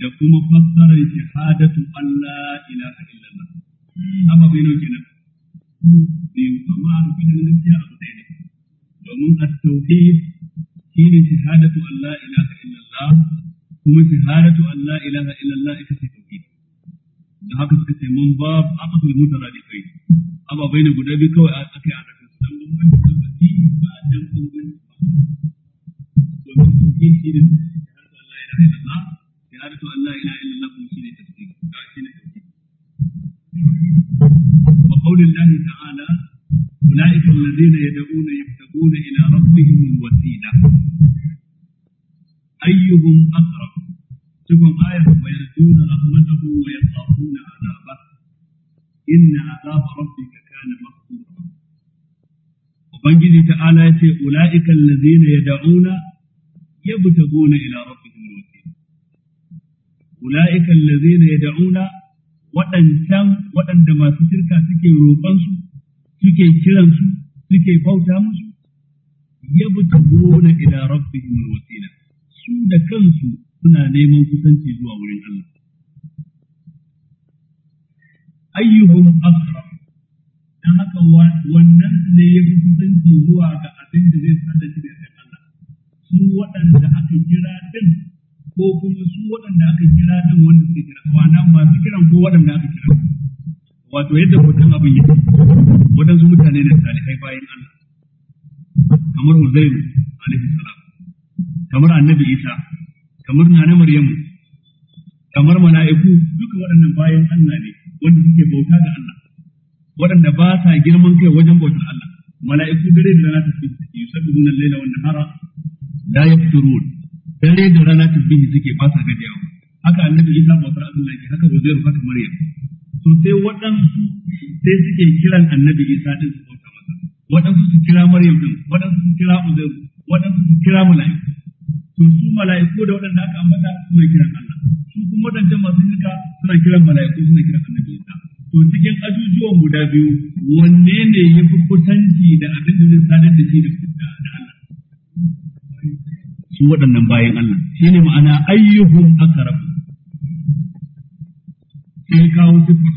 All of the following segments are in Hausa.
da kuma fassarar shahadatu Allah ilaha illallah amma bai nauke nan biyu amma a rubutun gaskiya abu ɗaya ne domin at-tauhid shine shahadatu Allah ilaha illallah kuma shahadatu Allah ilaha illallah ita ce tauhid da haka suka ce mun ba aqdul mutaradiqai amma bai guda biyu kawai aka yi a rakan dan bambanci da ba a dan bambanci ba domin tauhid shine الذين يدعون يبتغون إلى ربهم الوسيلة أيهم أقرب تكون آية ويرجون رحمته ويخافون عذابه إن عذاب ربك كان مغفورا وبنجي تعالى أولئك الذين يدعون يبتغون إلى ربهم الوسيلة أولئك الذين يدعون waɗancan waɗanda masu shirka suke roƙonsu suke kiransu suke bauta musu ya gona ila rabbihim wasila su da kansu suna neman kusanci zuwa wurin Allah ayyuhum aqrab dan haka wannan ne ya fi kusanci zuwa ga abin da zai shi da Allah su waɗanda aka kira din ko kuma su waɗanda aka kira din wanda suke kira ba masu kiran ko waɗanda aka kira wato yadda mutum abin yi waɗansu mutane na salihai bayan Allah kamar Uzairu alaihi salam kamar Annabi Isa kamar Nana Maryamu kamar mala'iku duka waɗannan bayan Allah ne wanda suke bauta ga Allah waɗanda ba sa girman kai wajen bautar Allah mala'iku dare da rana tasbihi suke yusabbihuna al-laila wan nahara la yafturun dare da rana tasbihi suke ba sa gajiyawa haka Annabi Isa bautar Allah yake haka Uzairu haka Maryam to sai waɗansu sai suke kiran annabi isa din su bauta masa waɗansu su kira maryam din waɗansu su kira uzairu waɗansu su kira mala'iku to su mala'iku da waɗanda aka ambata suna kiran Allah su kuma waɗanda masu shirka suna kiran mala'iku suna kiran annabi isa to cikin ajujuwan guda biyu wanne ne ya fi kusanci da abin da zai sadar da shi da Allah su waɗannan bayan Allah shine ma'ana ayyuhum aqrab sai kawo sifar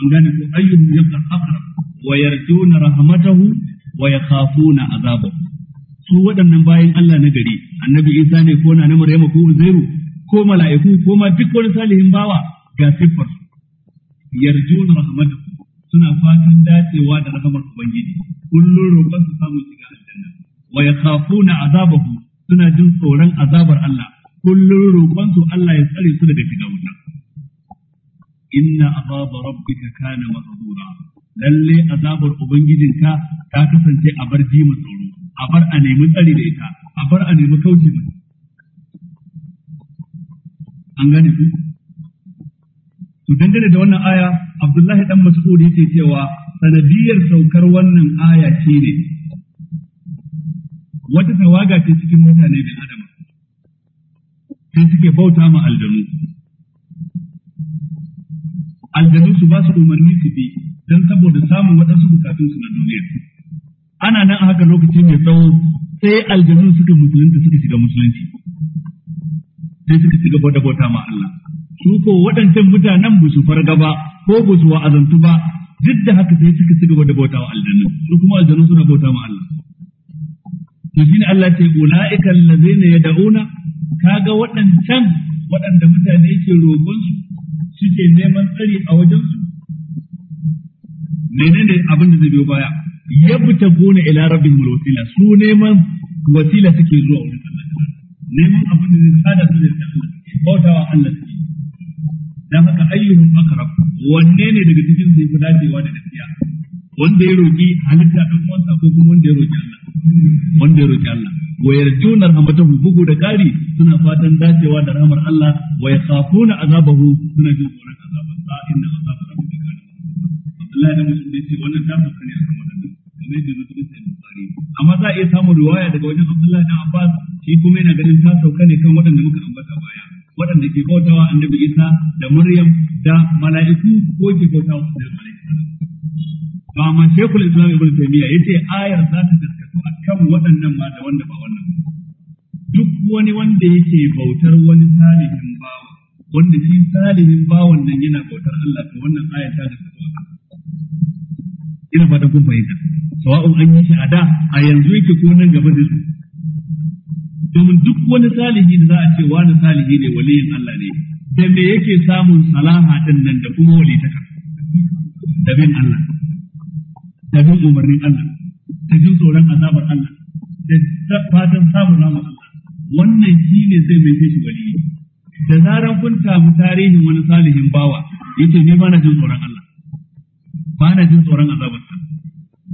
an gane ko ayyuhum yaqra aqrab wa yarjuna rahmatahu wa yakhafuna azabahu su waɗannan bayan Allah na gari annabi Isa ne ko na Maryam ko Uzairu ko mala'iku ko ma duk wani salihin bawa ga siffar su yarjuna rahmatahu suna fatan dacewa da rahamar ubangiji kullun roƙon su samu shiga aljanna wa yakhafuna azabahu suna jin tsoron azabar Allah kullun roƙon su Allah ya tsare su daga shiga wuta inna azaba rabbika kana mahzura lalle azabar ubangijinka ta kasance a bar ji mu tsoro a bar a nemi tsari da ita a bar a nemi kauce mata an gane ku to dangane da wannan aya Abdullahi dan Mas'ud yake cewa sanadiyar saukar wannan aya ce ne wata tawaga ce cikin mutane bin adam sai suke bauta ma aljanu aljanu su ba su umarni su bi don saboda samun waɗansu bukatun su na duniya ana nan a haka lokaci mai tsawo sai aljanu suka musulunta suka shiga musulunci sai suka shiga bauta bauta ma Allah su ko waɗancan mutanen ba su farga ba ko ba su wa'azantu ba duk da haka sai suka shiga bauta bauta wa aljanu su kuma aljanu suna bauta ma Allah to shine Allah ce ulaika allazina yad'una kaga waɗancan waɗanda mutane ke roƙon su suke neman tsari a wajensu menene abin da zai biyo baya ya gona ila rabbihimul wasila su neman wasila suke zuwa wurin Allah neman abin da zai sada su da Allah bautawa Allah suke dan haka ayyuhum aqrab wanne ne daga cikin su ya yafi dacewa da gaskiya wanda ya roƙi halitta ɗan uwansa ko kuma wanda ya roƙi Allah wanda ya roƙi Allah wa yarjuna rahmatahu bugu da kari suna fatan dacewa da rahmar Allah wa yakhafuna azabahu suna jin tsoron azabar sa inna azaba rabbika kana Abdullahi da Musulmi ce wannan ta fuskar ne akan wannan kamar yadda Musulmi sai Bukhari amma za a iya samun riwaya daga wajen Abdullahi da Abbas shi kuma yana ganin ta sauka ne kan waɗanda muka ambata baya waɗanda ke bautawa annabi Isa da Maryam da mala'iku ko ke bautawa da mala'iku ba amma shekul islam ibn taymiya yace ayar za ta a akan waɗannan ma da wanda ba wannan duk wani wanda yake bautar wani salihin bawa wanda shi salihin bawan nan yana bautar Allah to wannan aya ta gaskatu akan ina fata kun fahimta sawa'un an yi shi a da a yanzu yake ko nan gaba da su domin duk wani salihi da za a ce wani salihi ne waliyin Allah ne da me yake samun salaha din nan da kuma walitaka da bin Allah da bin umarnin Allah da jin tsoron azabar Allah da fatan samun ramar Allah wannan shi ne zai mai shi wali da zaran kun samu tarihin wani salihin bawa ya ce ba na jin tsoron Allah ba na jin tsoron azabar sa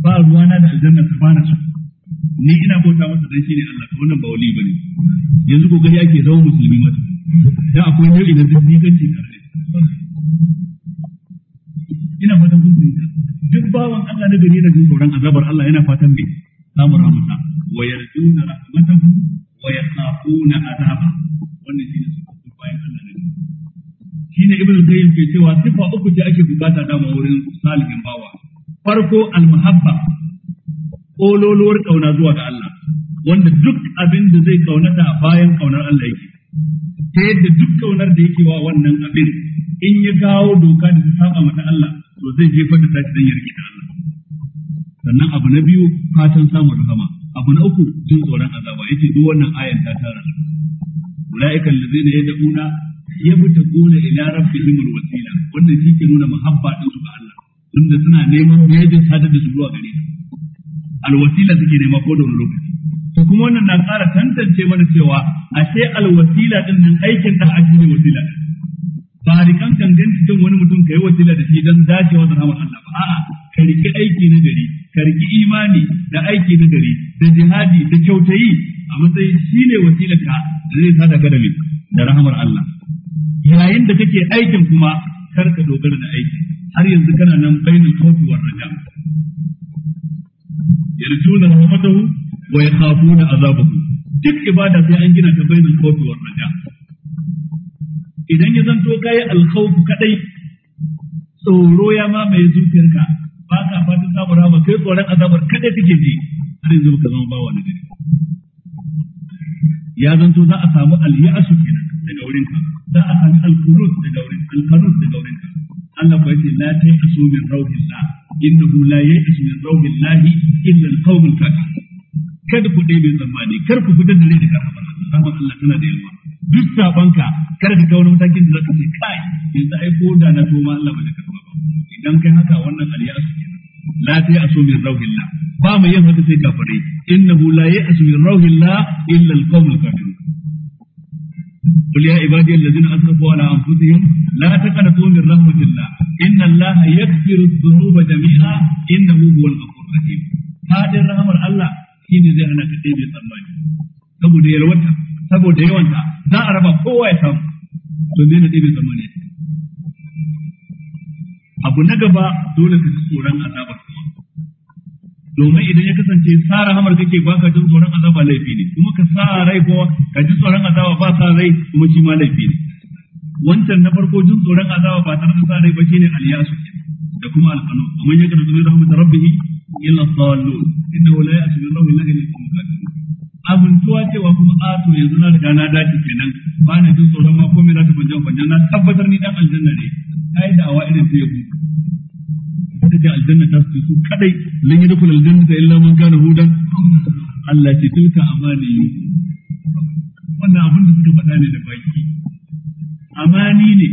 ba na da aljanna ta ba na ni ina bauta masa dan shi ne Allah to wannan ba wali bane yanzu ko kokari ake zama musulmi mata dan akwai nau'i na zindiganci tare ina fatan kun fahimta duk bawan Allah na gari da tsoron azabar Allah yana fatan mai samun rahmata wa yarjuna rahmatahu wa yakhafuna azaba wannan shine sifofin bayan Allah na gari shine ibnu qayyim ke cewa sifa uku ce ake bukata da mu wurin salihin bawa farko almahabba ololuwar kauna zuwa ga Allah wanda duk abin da zai kaunata bayan kaunar Allah yake ta yadda duk kaunar da yake wa wannan abin in ya kawo doka da ta saba mata Allah to zai je fada ta dan yarki ta Allah sannan abu na biyu fatan samun rahama abu na uku jin tsoron azaba yace duk wannan ayan ta tara ulaiikal ladina yad'una yabtaquna ila rabbihim wasila, wannan shi ke nuna mahabba din ga Allah tunda suna neman mejin sadar da su zuwa gare alwasila suke nema ko da wani lokaci to kuma wannan na ƙara tantance mana cewa ashe alwasila din nan aikin da ake ne wasila barikan kan ganci don wani mutum kai wasila da shi dan zaki wa rahmar Allah ba a'a ka riki aiki na gari ka riki imani da aiki na gari da jihadi da kyautayi a matsayin shine wasilarka da zai sada ka da rahmar Allah yayin da kake aikin kuma kar ka dogara da aiki. har yanzu kana nan bainul khawfi war raja yarjuna rahmatahu wa yakhafuna azabahu duk ibada sai an gina ta bainul khawfi war raja idan ya zanto kai al-khawf kadai tsoro ya mamaye zuciyarka ba ka fatan samun rahama kai tsoron azabar kadai kake ji har yanzu ka zama bawa na gari ya zanto za a samu al-ya'su kenan daga wurin ka za a samu al-qunut daga wurin al daga wurin Allah ba ce la ta asu min rauhillah innahu la min illa kafir kada ku dai kar ku fitar da rai daga rahmar Allah tana da duk sabanka kar ka kawo matakin da zaka kai yanzu ai ko da na toma Allah ba da karba ba idan kai haka wannan kenan la ta min rauhillah ba yin haka sai kafare innahu la ya'asu min rauhillah illa kafir قل يا عبادي الذين اسرفوا على انفسهم لا تقنطوا من رحمه الله ان الله يغفر الذنوب جميعا انه هو الغفور الرحيم fadin rahamar Allah shine zai hana ka sai bai saboda yawanta za a raba kowa ya samu to me ne bai tsammani abu na gaba dole ka ji tsoron azabar domin idan ya kasance sa rahamar kake ba ka jin tsoron azaba laifi ne kuma ka sa rai ko ka ji tsoron azaba ba sa rai kuma shi ma laifi ne wancan na farko jin tsoron azaba ba tare da sa rai ba shine aliyasu da kuma alqanu amma ya kada zuwa rahmat rabbih illa dallun innahu la ya'ti min rahmatil illa al-kafirun abuntuwa cewa kuma a ah, yanzu na riga na dace kenan ba na jin tsoron ma komai za ta banjan banjan na tabbatar ni dan aljanna ne ai da awa irin ta yabu suka aljanna ta su su kadai lan aljanna ta illa man kana hudan Allah ce tilka amani wannan abin da suka faɗa ne da baki amani ne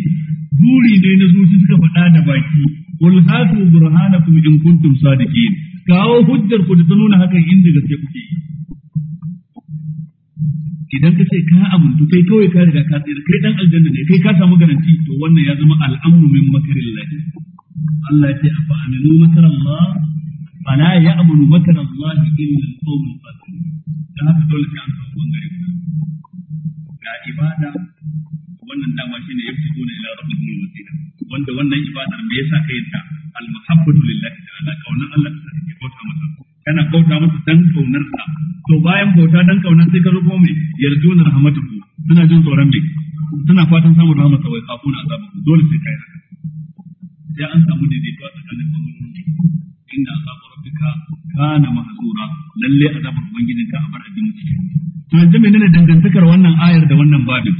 buri ne na zuci suka faɗa da baki wal hatu burhanakum in kuntum sadiqin kawo hujjar ku da ta nuna hakan inda gaske kuke yi idan ka ce ka amintu kai kawai ka riga ka tsira kai dan aljanna ne kai ka samu garanti to wannan ya zama al'amru min makarillah Allah ya ce a fa'aminu makar Allah fala ya amuru makar Allah illa al-qawmul fasiqun dan haka dole sai an samu bangare guda ga ibada wannan dama shine ya fito ne ila rabbul wasila wanda wannan ibadar me yasa kai ta al-muhabbatu lillahi ta'ala kaunan Allah ta take bauta masa kana bauta masa dan kaunar sa to bayan bauta dan kaunar sai ka zo kuma me yarjuna rahmatuhu suna jin tsoron me suna fatan samun rahmatar wai kafuna azabu dole sai kai haka sai an samu daidaito a tsakanin bangarorin inda aka ba rabbika kana mahzura lalle azabar ubangijin ka a bar abin cikin to yanzu menene dangantakar wannan ayar da wannan babin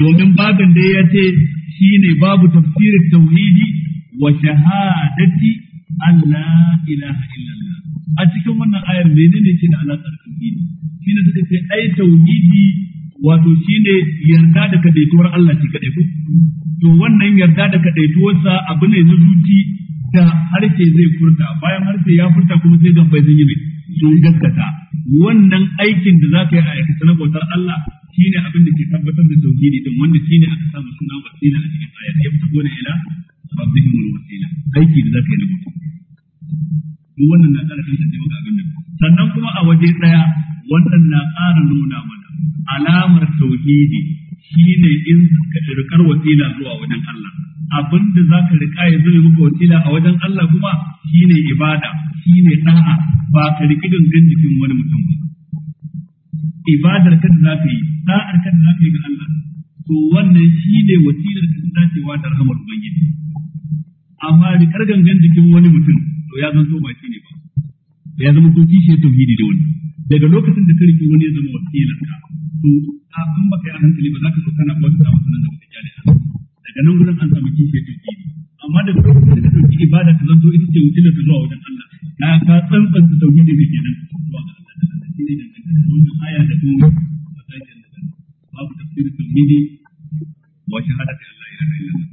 domin babin da ya ce shine babu tafsirin tauhidi wa shahadati Allah ilaha illallah a cikin wannan ayar menene ke da alaƙar tauhidi shine suka ce ai tauhidi wato shine yarda da kadaituwar Allah shi kadai ko to wannan yarda da kadaituwarsa abu ne na zuci da harshe zai furta bayan harshe ya furta kuma sai gambai sun yi mai sun gaskata wannan aikin da za yi a aikace na bautar Allah shine abin da ke tabbatar da tauhidi din wanda shine aka sa mu suna wasila a cikin ayat ya fito gona ila rabbihim wasila aiki da za yi na bautar duk wannan na ƙara kanta maka abin nan sannan kuma a waje daya wannan na ƙara nuna mana alamar tauhidi shine in ka rikar wasila zuwa wajen Allah abinda zaka rika ya zai maka wasila a wajen Allah kuma shine ibada shine da'a ba ka riki gangan jikin wani mutum ba ibadar ka da zaka yi da'ar ka da zaka yi ga Allah to wannan shine wasilar ka da dacewa da rahmar ubangiji amma rikar gangan jikin wani mutum to ya zanto ba shine ba ya zama to kishi tauhidi da wani daga lokacin da ka rike wani ya zama wakilanka to a an baka yi a hankali ba za ka so kana bauta masa nan da baka kyale a daga nan gurin an samu kishi tauhidi amma daga lokacin da ka dauki ibada ka zanto ita ce wasilar ka zuwa wajen Allah na ka tsantsanta tauhidi ne kenan zuwa ga Allah da Allah shi ne dangane da wannan aya da kuma masajin da babu tafsirin tauhidi wa shahadati Allah ilaha illallah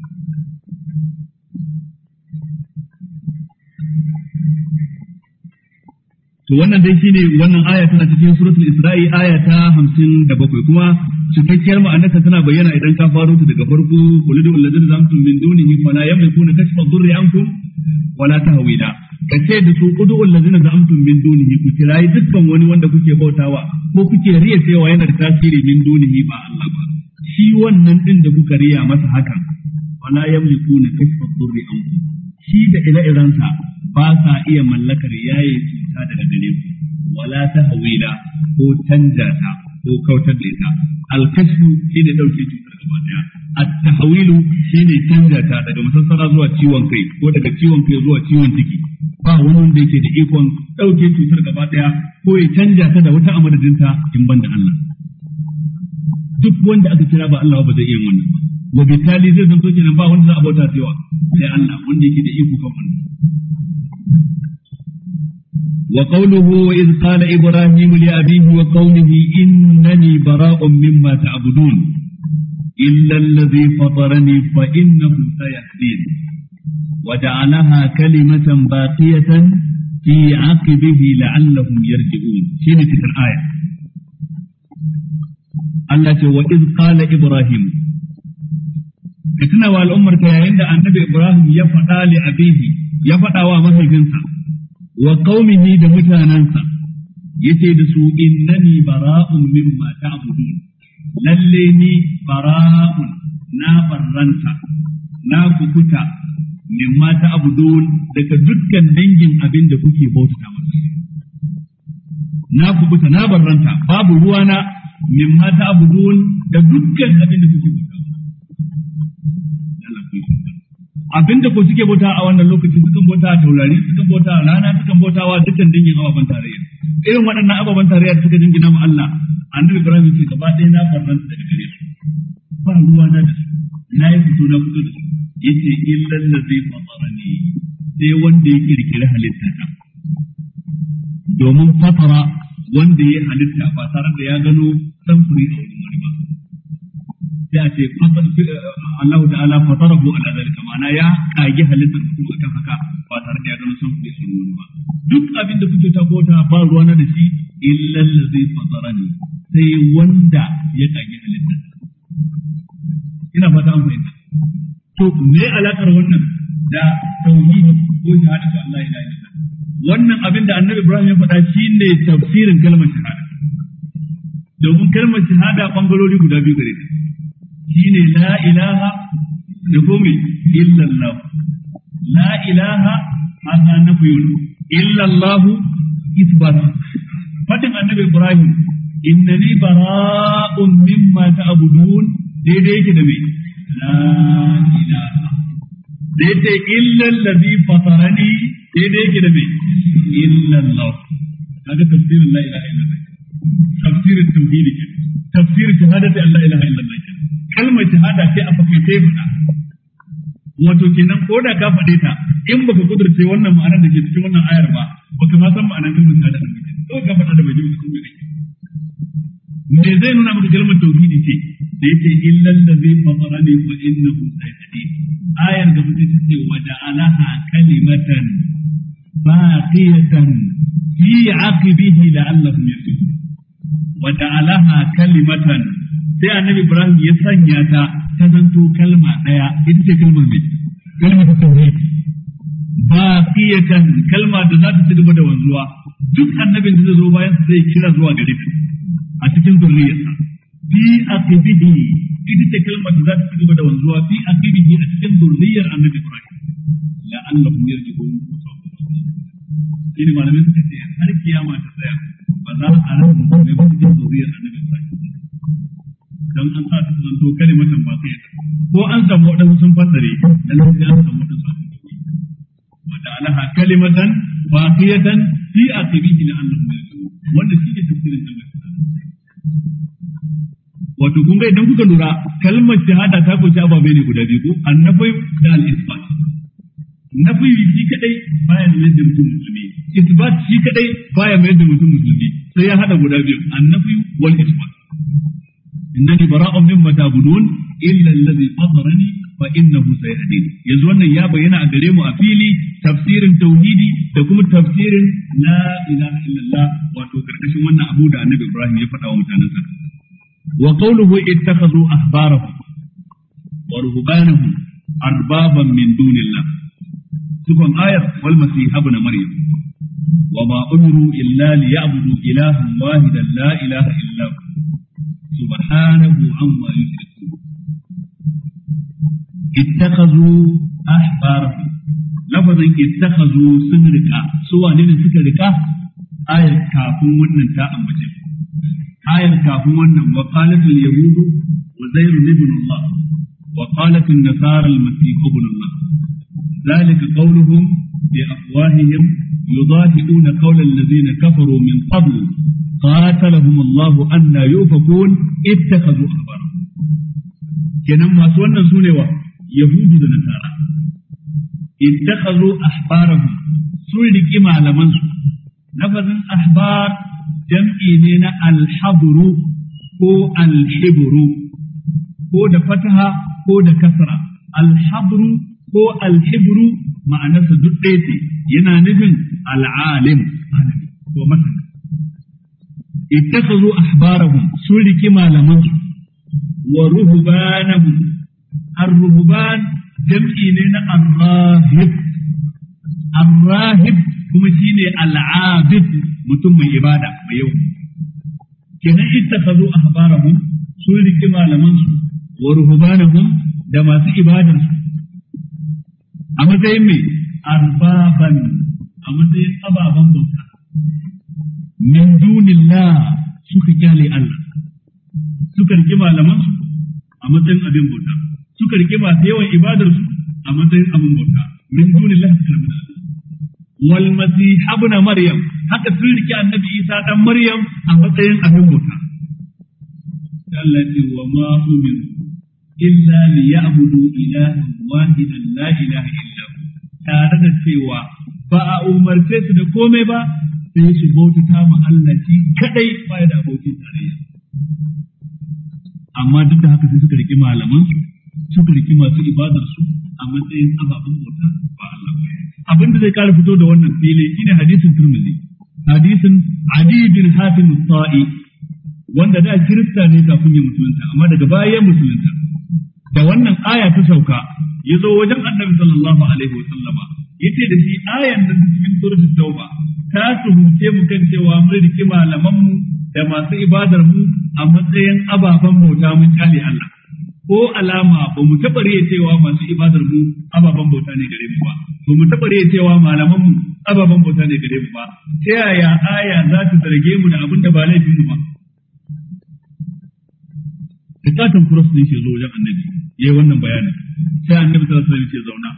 to wannan dai shine wannan aya tana cikin suratul isra'i aya ta 57 kuma cikakkiyar ma'anarta tana bayyana idan ka faro ta daga farko qulidu allazina zamtum min dunihi fala yamlikuna kashfa dhurri ankum wala tahwila ce da su qudu allazina zamtum min dunihi ku kirayi dukkan wani wanda kuke bautawa ko kuke riya cewa yana da tasiri min dunihi ba Allah ba shi wannan din da kuka riya masa hakan wala yamlikuna kashfa dhurri ankum shi da ire-irensa ba sa iya mallakar yaye cuta daga gare ku wala ta hawila ko canja ta ko kautar da ita alkashu shi ne ɗauke cutar gaba daya at-tahwilu shi ne canja ta daga masassara zuwa ciwon kai ko daga ciwon kai zuwa ciwon ciki ba wani wanda yake da ikon ɗauke cutar gaba daya ko ya canja ta da wata amadadinta in ban da Allah duk wanda aka kira ba Allah ba zai iya wannan ba wa bitali zai zanto kenan ba wanda za a bauta cewa sai Allah wanda yake da iko kan wannan wa qawluhu wa iz qala ibrahim li abihi wa qawmihi innani bara'un mimma ta'budun illa alladhi fatarani fa innahu sayahdin ja'alaha kalimatan baqiyatan fi 'aqibihi la'allahum yarji'un shine تلك aya. Allah ce wa iz qala ibrahim ka tuna wa al'ummar ka yayin da annabi ibrahim ya faɗa li abihi ya faɗa wa mahaifinsa wa qaumihi da mutanansa yace da su innani bara'un mimma ta'budun lalle ni bara'un na barranta na kukuta mimma ta'budun daga dukkan dangin abin da kuke bauta masa na kukuta na barranta babu ruwana mimma abudun da dukkan abin da kuke bauta abin da ko suke bauta a wannan lokacin sukan bauta a taurari sukan bauta a rana sukan bauta wa dukkan dangin ababen tarayya irin waɗannan ababen tarayya suka dingina ma Allah annabi Ibrahim ce gaba ɗaya na farran daga gare su ba ruwa na da su na yi fito na fito da su yace illal ladzi fatarani sai wanda ya kirkiri halitta ta domin fatara wanda ya halitta ba tare da ya gano samfuri a wurin wani ba sai a ce Allah ta'ala a ala zalika ma'ana ya kage halittar a kan haka ba tare da ya gano samfuri a wurin wani ba duk abin da kuke ta ba ruwa na da shi zai allazi ne sai wanda ya kage halittar ina fata an fahimta to me alakar wannan da tauhidi ko shahadatu Allah ila ilaha wannan abin da annabi Ibrahim ya faɗa shi ne tafsirin kalmar shahada domin kalmar shahada bangarori guda biyu gare ta shi ne la ilaha da kome illallahu. la ilaha ana nafiyun illallahu isbat fadin annabi Ibrahim innani bara'un mimma ta'budun daidai yake da mai la ilaha da yace illal ladhi fatarani sai dai yake da me illal law kaga tafsirin la ilaha illallah tafsirin tauhidi ke tafsirin shahadati da la ilaha illallah ke kalmar shahada sai a sai mana wato kenan ko da ka fade ta in baka kudurce wannan ma'anar da ke cikin wannan ayar ba baka ma san ma'anar kalmar shahada ba to ka fada da bai ji mutum me zai nuna mutu kalmar tauhidi ce da yake illal ladzi fatarani fa innahu sayhdi ayar da mutum ce wa ja'alaha kalimatan baqiyatan fi aqibihi la'allahum yarji'un wa ja'alaha kalimatan sai annabi Ibrahim ya sanya ta ta zanto kalma daya ita ce kalmar mai kalmar tauhidi Ba fiyatan kalma da za ta ci gaba da wanzuwa duk annabin da zai zo bayan sa zai kira zuwa gare ta a cikin zuriyarsa fi aqibihi ita ce kalma da za ta ci gaba da wanzuwa fi aqibihi a cikin zuriyar annabi Ibrahim annahu yarji'un shine malamin suka ce har kiyama ta tsaya ba za a rasa musulmai ba cikin zuriyar annabi Ibrahim dan an sa ta zanto kalimatan ba sai ko an samu wadansu sun fassare dan an samu wadansu وجعلها كلمة باقية في آخره لعلهم يرجعون wanda shi ne تفسير الجنة wato kun ga idan kuka lura kalmar shahada ta kunshi ababe ne guda biyu annabai da al-isbat nafi shi kadai baya mai da mutum musulmi isbat shi kadai baya mai da mutum musulmi sai ya hada guda biyu Annabai, wal isbat innani bara'un mimma ta'budun illa alladhi fatarani fa innahu sayahdin yanzu wannan ya bayyana a gare mu a fili tafsirin tauhidi da kuma tafsirin la ilaha illallah wato karkashin wannan abu da annabi Ibrahim ya faɗa wa mutanensa wa qawluhu ittakhadhu ahbarahum wa ruhbanahum arbaban min dunillah tukun ayat wal masih ibn maryam وما أمروا إلا ليعبدوا إلها واحدا لا إله إلا هو سبحانه عما يشركون ittakazu ahbar lafazin ittakazu sun rika su wane ne suka rika ayar kafin wannan ta ambace ayar kafin wannan wa qalatul yahudu wa zairu ibn allah nasara al-masih ibn allah ذلك قولهم بأفواههم يضاهئون قول الذين كفروا من قبل قاتلهم الله أن يؤفكون اتخذوا أخبارهم kenan masu wannan sune wa yahudu da nasara ittakhazu ahbarahum sun riki malaman su nafazin ahbar jam'i ne na alhabru ko alhibru ko da fataha ko da kasra alhabru ko alhibru ma'anarsa duk ɗaya ce yana nufin al'alim ko masana ittakhazu ahbarahum sun riki malaman wa ruhubanahum ar-ruhban jam'i ne na ar-rahib ar-rahib kuma shine al-abid mutum mai ibada mai yau kenan ittakhadhu ahbarahum sun riki malaman su wa ruhubanahum da masu ibadar a a ababen bauta suka kyale Allah suka riƙi malaman su a matsayin abin bauta suka riƙi masu yawan ibadar su a matsayin abin bauta min dunillahi sallallahu da wal masih ibn maryam haka sun riƙi annabi isa dan maryam a matsayin abin bauta Allah ce wa ma umiru illa ya'budu ilahan wahidan la ilaha illa hu tare da cewa ba a umarce su da komai ba sai su bautata ma Allah shi kadai ba da abokin tarayya amma duk da haka sai suka riki malaman su suka riki masu ibadar su a matsayin ababen bauta ba Allah ba abin da zai kare fito da wannan fili shine hadisin Tirmidhi hadisin Adi bin Hatim Sa'i wanda da kirista ne kafin ya musulunta amma daga baya ya musulunta da wannan aya ta sauka ya zo wajen Annabi sallallahu alaihi wa sallama yace da shi ayan nan cikin suratul Tauba ta tuhumce mu kan cewa mun riƙe malaman mu da masu ibadar mu a matsayin ababen bauta mun kyale Allah ko alama ba mu taɓa riya cewa masu ibadar mu ababen bauta ne gare mu ba ba mu taɓa riya cewa malaman mu ababen bauta ne gare mu ba ta yaya aya za ta zarge mu da abin da ba laifin mu ba bukatan cross ne ke zo wajen annabi yayi wannan bayanin sai annabi sallallahu alaihi wasallam zauna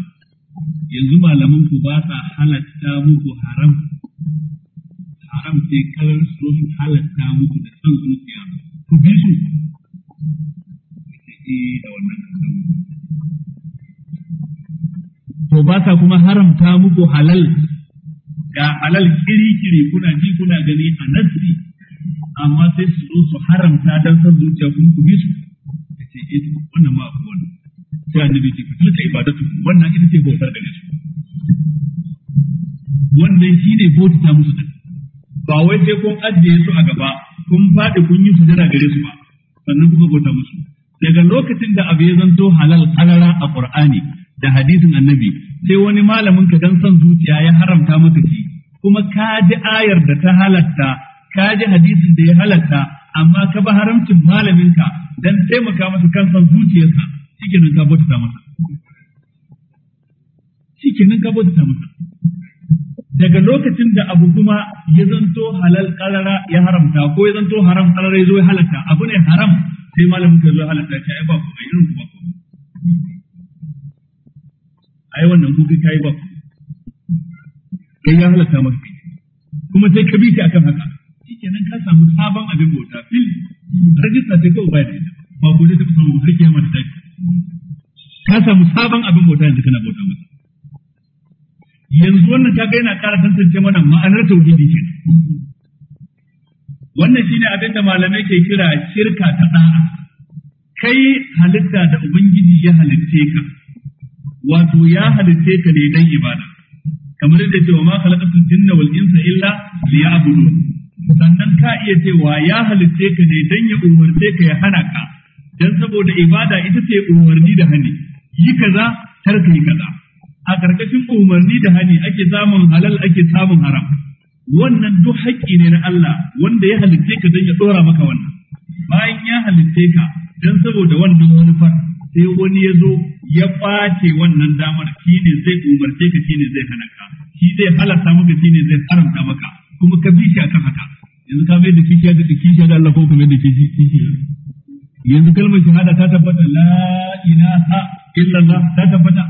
yanzu malaman ku ba sa halatta muku haram haram sai karar sun halatta muku da san zuciya ku bi su da wannan to ba sa kuma haramta muku halal ga halal kiri-kiri kuna ji kuna gani a nasri amma sai su zo su haramta don san zuciya kun ku bi su da ce eh, wannan ma abu wannan sai annabi ce fitil ka ibadatu wannan ita ce bautar gare su wannan shine bautata musu da ba wai sai kun ajiye su a gaba kun faɗi kun yi sujada gare su ba sannan kuka bauta musu daga lokacin da abu ya zanto halal kalara a Qur'ani da hadisin Annabi sai wani malamin ka dan son zuciya ya haramta maka shi kuma ka ji ayar da ta halatta ka ji hadisin da ya halatta amma ka ba haramcin malamin ka dan taimaka masa kan son zuciyarsa shikenan ka bauta masa shikenan ka bauta masa daga lokacin da abu kuma ya zanto halal karara ya haramta ko ya zanto haram karara ya zo ya halatta abu ne haram sai malamin ka zo halatta ta ai ba ku mai irin ku ba ku ai wannan ku kai ba ku kai ya halatta maka kuma sai ka bi ta akan haka shikenan ka samu sabon abin bauta fil rajista sai ka ubaya da ita ba ku ne ta samu har kiyama ta ka samu sabon abin bauta yanzu kana bauta masa yanzu wannan ta yana ƙara tantance mana ma'anar tauhidi ke wannan shine abin da malamai ke kira shirka ta da'a kai halitta da ubangiji ya halitte ka wato ya halitte ka ne dan ibada kamar yadda cewa ma khalaqatul jinna wal insa illa liya'budu sannan ka iya cewa ya halitte ka ne dan ya umarce ka ya hana ka dan saboda ibada ita ce umarni da hani yi kaza tarka yi kaza a karkashin umarni da hani ake samun halal ake samun haram wannan duk haƙƙi ne na Allah wanda ya halitta ka don ya ɗora maka wannan bayan ya halitta ka don saboda wannan manufar sai wani ya zo ya ɓace wannan damar shi ne zai umarce ka shi ne zai hana ka shi zai halarta maka shi ne zai haramta maka kuma ka bi shi kan haka yanzu ka mai da kishiya da kishi da Allah ko ka mai da kishi yanzu kalmar shahada ta tabbata la ilaha illallah ta tabbata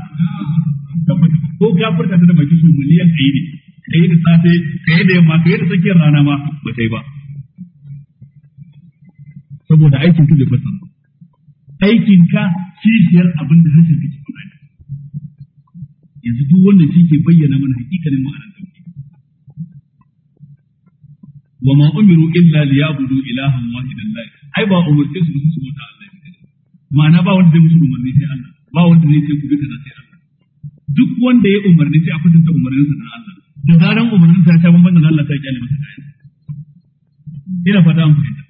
tabbata ko ka ta da baki su miliyan ɗaya ne kai da safe kai da yamma kai da tsakiyar rana ma ba ta yi ba saboda aikin ka bai fassara aikin ka kishiyar abin da harshen kake faɗa ne yanzu duk wannan shi ke bayyana mana hakikanin ma'anar tauhid wa ma umiru illa liyabudu ilahan wahidan la ai ba umarce su su bauta Allah ne ma'ana ba wanda zai musu umarni sai Allah ba wanda zai ce ku bi kaza sai Allah duk wanda ya umarni sai a kwatanta umarninsa na Allah da zaran umarnin sa ya sha bamban da Allah sai ya kyale masa kayan ina fata an fahimta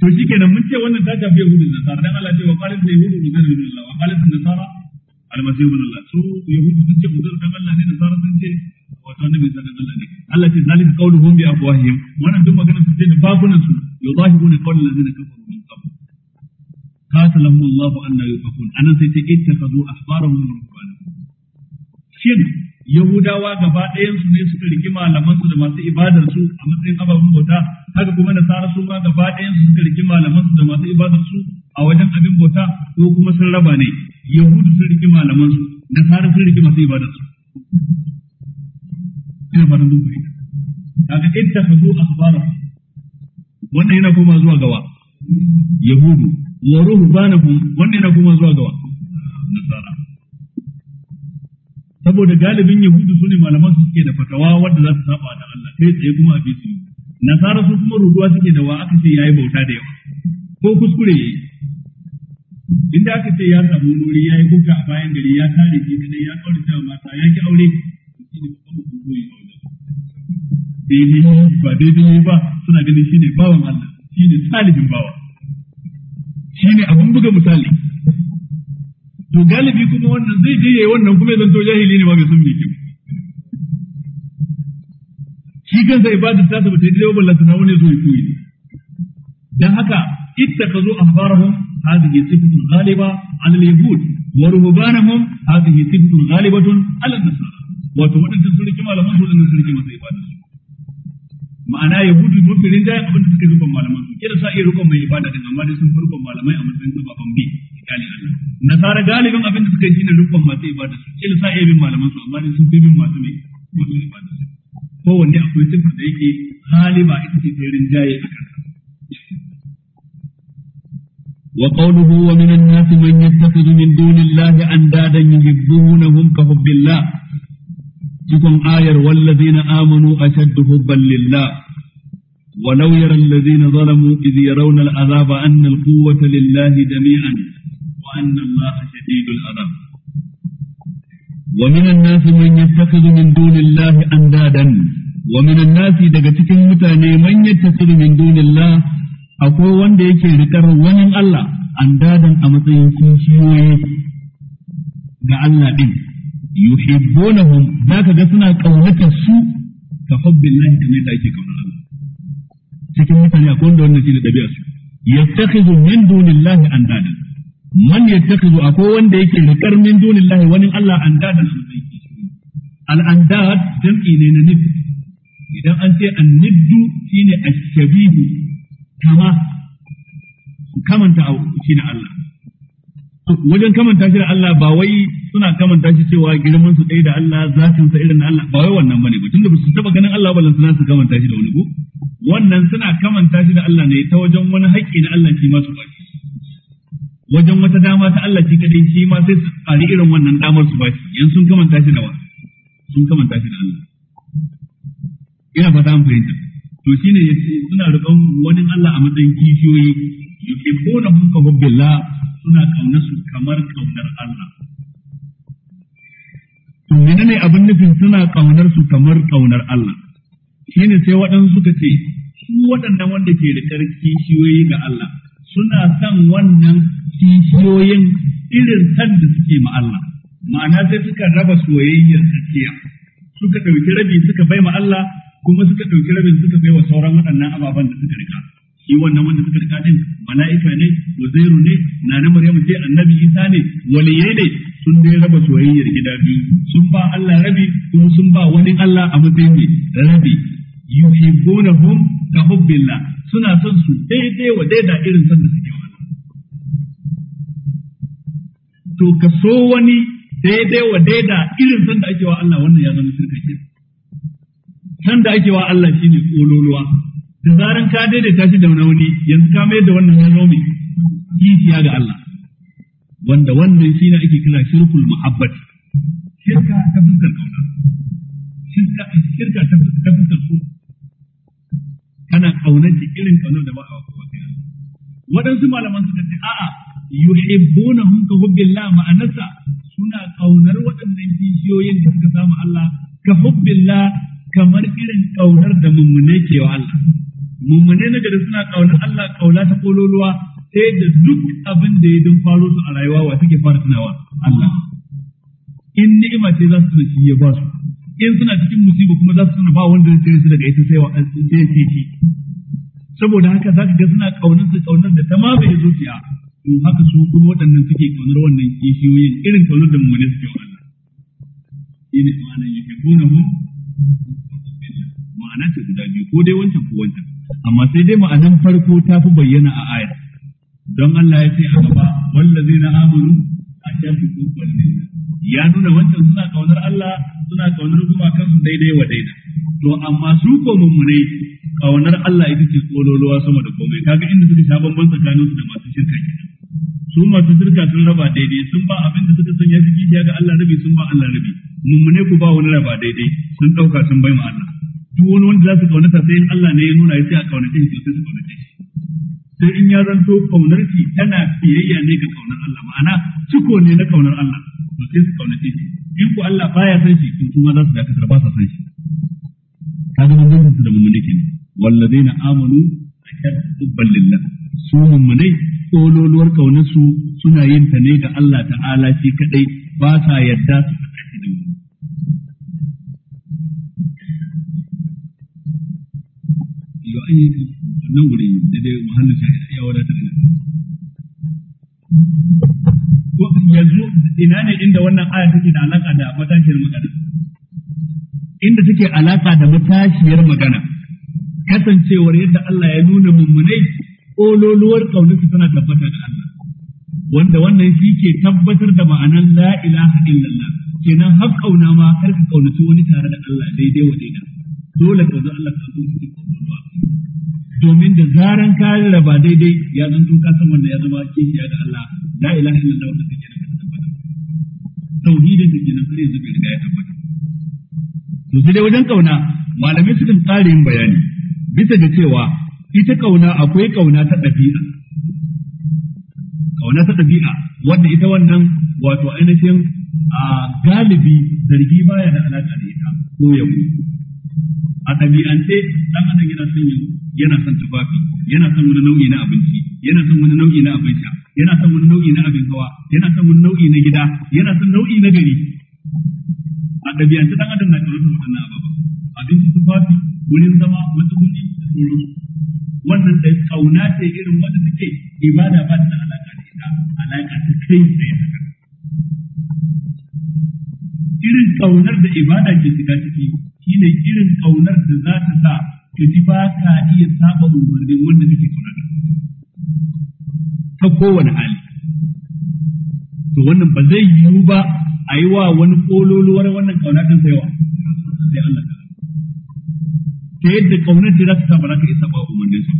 to shikenan mun ce wannan ta tafi yahudu da nasara dan Allah ce wa qalat yahudu uzair ibn Allah wa qalat nasara almasih ibn Allah su yahudu sun ce uzair dan Allah ne nasara sun ce wato annabi sai dan Allah ne Allah ce zalika qauluhum bi afwahihim wannan duk maganar su ce da babunan su yudahibuna qawlan ladina kafaru min qabl قاتلهم الله anan sai ta سيتي ahbarahum min ورهبانهم shin yahudawa gaba ɗayan su ne suka riki malaman su da masu ibadar su a matsayin ababen bauta haka kuma nasara su ma gaba ɗayan su suka riki malaman su da masu ibadar su a wajen abin bauta ko kuma sun raba ne yahudu sun riki malaman su nasara sun riki masu ibadar su ina fatan duk bai kaga idda fa a akhbara wannan yana koma zuwa gawa yahudu wa ruhbanahum wannan yana koma zuwa gawa nasara saboda galibin yahudu sune malaman su suke da fatawa wanda za su saba da Allah sai tsaye kuma a bisu nasara su kuma ruduwa suke da wa aka ce yayi bauta da yawa ko kuskure yayi inda aka ce ya samu nuri yayi kuka a bayan gari ya tare shi kadai ya kaurace ta mata ya ki aure shine babban mutum ko ya aure daidai ba dai-dai ba suna ganin ne bawan Allah shi ne salihin bawa Shi ne abun buga misali to galibi kuma wannan zai je yayi wannan kuma zan to jahili ne ba bai san me ke shi kansa ibadar ta ta bata yi dai ballanta na wani zo ya koyi dan haka zo ahbarahum hadhihi sifatun ghaliba 'ala al-yahud wa ruhbanahum hadhihi sifatun ghalibatun 'ala an-nasara wato wadannan sun rike malaman su wadannan sun rike masa ibada ma'ana yahudu mafi rinjaye abin da suke rikon malaman su kira sa iya mai ibada din amma dai sun farkon malamai a matsayin sababan bi kyale Allah nasara galibin abin da suka yi shine rubban masu ibada su sa iya bin malaman su amma ne sun fi bin masu mai masu ibada su kowanne akwai sifar da yake ba ita ce ta rinjaye a kansa وقوله ومن الناس من يتخذ من دون الله أندادا يحبونهم كحب الله تكون آية والذين آمنوا أشد حبا لله ولو يرى الذين ظلموا إذ يرون العذاب أن القوة لله جميعا وأن الله شديد العذاب ومن الناس من يتخذ من دون الله أندادا ومن الناس daga cikin mutane man yattasiru min dunillah akwai wanda yake rikar wani Allah andadan a matsayin ga Allah din yuhibbunahum zaka ga suna kaunatar su ka hubbillahi kamar yadda ake kaunar Allah cikin mutane akwai wanda wannan shi da dabi'a su yattakhidhu min dunillahi man yattakhidhu ko wanda yake riƙar min dunillahi wani Allah an dada su zai ki al andad jam'i ne na nid idan an ce an niddu shine ashabihu kama kamanta shine Allah wajen kamanta shi da Allah ba wai suna kamanta shi cewa girman su ɗaya da Allah zatin sa irin na Allah ba wai wannan bane ba tunda ba su taba ganin Allah ballan suna su kamanta shi da wani ko wannan suna kamanta shi da Allah ne ta wajen wani haƙƙi na Allah shi masu su baki wajen wata dama ta Allah shi kadai shi ma sai su tsari irin wannan damar su bashi yan sun kamanta shi da wa sun kamanta shi da Allah ina fata an fahimta to shine yace suna rikon wani Allah a matsayin kishiyoyi yuhibbunahum ka hubbillah suna su kamar kaunar Allah to menene abin nufin suna kaunar su kamar kaunar Allah shine sai waɗansu suka ce su waɗannan wanda ke da kishiyoyi ga Allah suna son wannan kishiyoyin irin san da suke ma Allah ma'ana sai suka raba soyayyar tsakiya suka ɗauki rabi suka bai ma Allah kuma suka ɗauki rabin suka bai wa sauran waɗannan ababen da suka rika shi wannan wanda suka rika din mala'ika ne wazairu ne na na maryamu ce annabi isa ne waliyai ne sun dai raba soyayyar gida biyu sun ba Allah rabi kuma sun ba wani Allah a matsayin rabi yuhibbunahum ka hubbillah suna son su daidai wa daida irin san da suke wa to ka so wani daidai wa daida irin san da ake wa Allah wannan ya zama shirka ke san da ake wa Allah shine kololuwa da zaran ka daidaita shi da wani yanzu ka mai da wannan yanomi kishiya ga Allah wanda wannan shine ake kira shirkul muhabbat shirka ta fuskar kauna shirka ta fuskar kauna kana kaunar shi irin kaunar da ba a wasu sai yanzu. waɗansu malaman suka ce a'a yuhibbunahum ka hubbillah ma'anarsa suna kaunar waɗannan kishiyoyin da suka samu Allah ka hubbillah kamar irin kaunar da mummune ke wa Allah mummune na gari suna kaunar Allah kaula ta kololuwa sai da duk abin da ya dun faro su a rayuwa wa suke fara tunawa Allah in ni'ima ce za su tuna shi ya ba su in suna cikin musiba kuma za su tuna ba wanda zai su daga ita sai wa sai ce shi saboda haka za ka ga suna kaunar da kaunar da ta ma bai zuciya to haka su kuma waɗannan suke kaunar wannan kishiyoyin irin kaunar da mu ne suke wa Allah ina ma'ana mu ma'ana ce guda biyu ko dai wancan ko wancan amma sai dai ma'anan farko ta fi bayyana a ayat don Allah ya ce a gaba wallazina amanu a shafi ya nuna wancan suna kaunar Allah suna kaunar gumakan su daidai wa daida to amma su ko mummune kaunar Allah ita ce kololuwa sama da komai kaga inda suka sha bamban tsakanin su da masu shirka kenan su masu shirka sun raba daidai sun ba abin da suka sanya su kishiya ga Allah rabi sun ba Allah rabi Mummune ku ba wani raba daidai sun dauka sun bai ma Allah duk wani wanda za su kaunata sai Allah ne ya nuna ya sai a kaunace shi sai su kaunace shi sai in ya zanto kaunar ki tana biyayya ne ga kaunar Allah ma'ana ciko ne na kaunar Allah to sai su kaunace shi in ku Allah baya san shi in kuma za su kasar ba sa san shi kaga mun dangin su da mummune ne walladaina amanu akatubban lillah su mummune kololuwar kaunar su suna yin ta ne ga Allah ta'ala shi kadai ba sa yadda su fada da wani yo nan muhallin ya da yanzu ina ne inda wannan aya take da alaka da matashiyar magana inda take alaka da matashiyar magana kasancewar yadda Allah ya nuna mummunai ololuwar kaunarsa tana tabbata da Allah wanda wannan shi ke tabbatar da ma'anar la ilaha illallah kenan har kauna ma kar ka kaunaci wani tare da Allah daidai wa daidai dole ka zo Allah ka so shi domin da zaran ka raba daidai ya zan tuka san da ya zama kishiya ga Allah la ilaha illallah wanda da nan tabbata tauhidin da ke nan kare zubi da ya tabbata to sai dai wajen kauna malamai sukan tsara yin bayani bisa da cewa ita kauna akwai kauna ta ɗabi'a kauna ta dabi'a wanda ita wannan wato ainihin a galibi zargi baya da alaƙa da ita ko yabo a ɗabi'ance ɗan adam yana son yana son tufafi yana son wani nau'i na abinci yana son wani nau'i na abin sha yana son wani nau'i na abin hawa yana son wani nau'i na gida yana son nau'i na gari a ɗabi'ance ɗan adam na ƙarfin waɗannan ababa abinci tufafi wurin zama matsuguni da sauransu wannan da kauna ce irin wanda take ibada ba ta da alaƙa da ita alaƙa ta kai tsaye ta irin kaunar da ibada ke shiga ciki shine irin kaunar da za ta sa ka ji ba ka iya saba umarnin wanda kake kaunar ta kowane hali to wannan ba zai yiwu ba a yi wa wani kololuwar wannan kauna din wa sai Allah ta ta yadda kaunar da za ta sa ba za ka iya saba umarnin su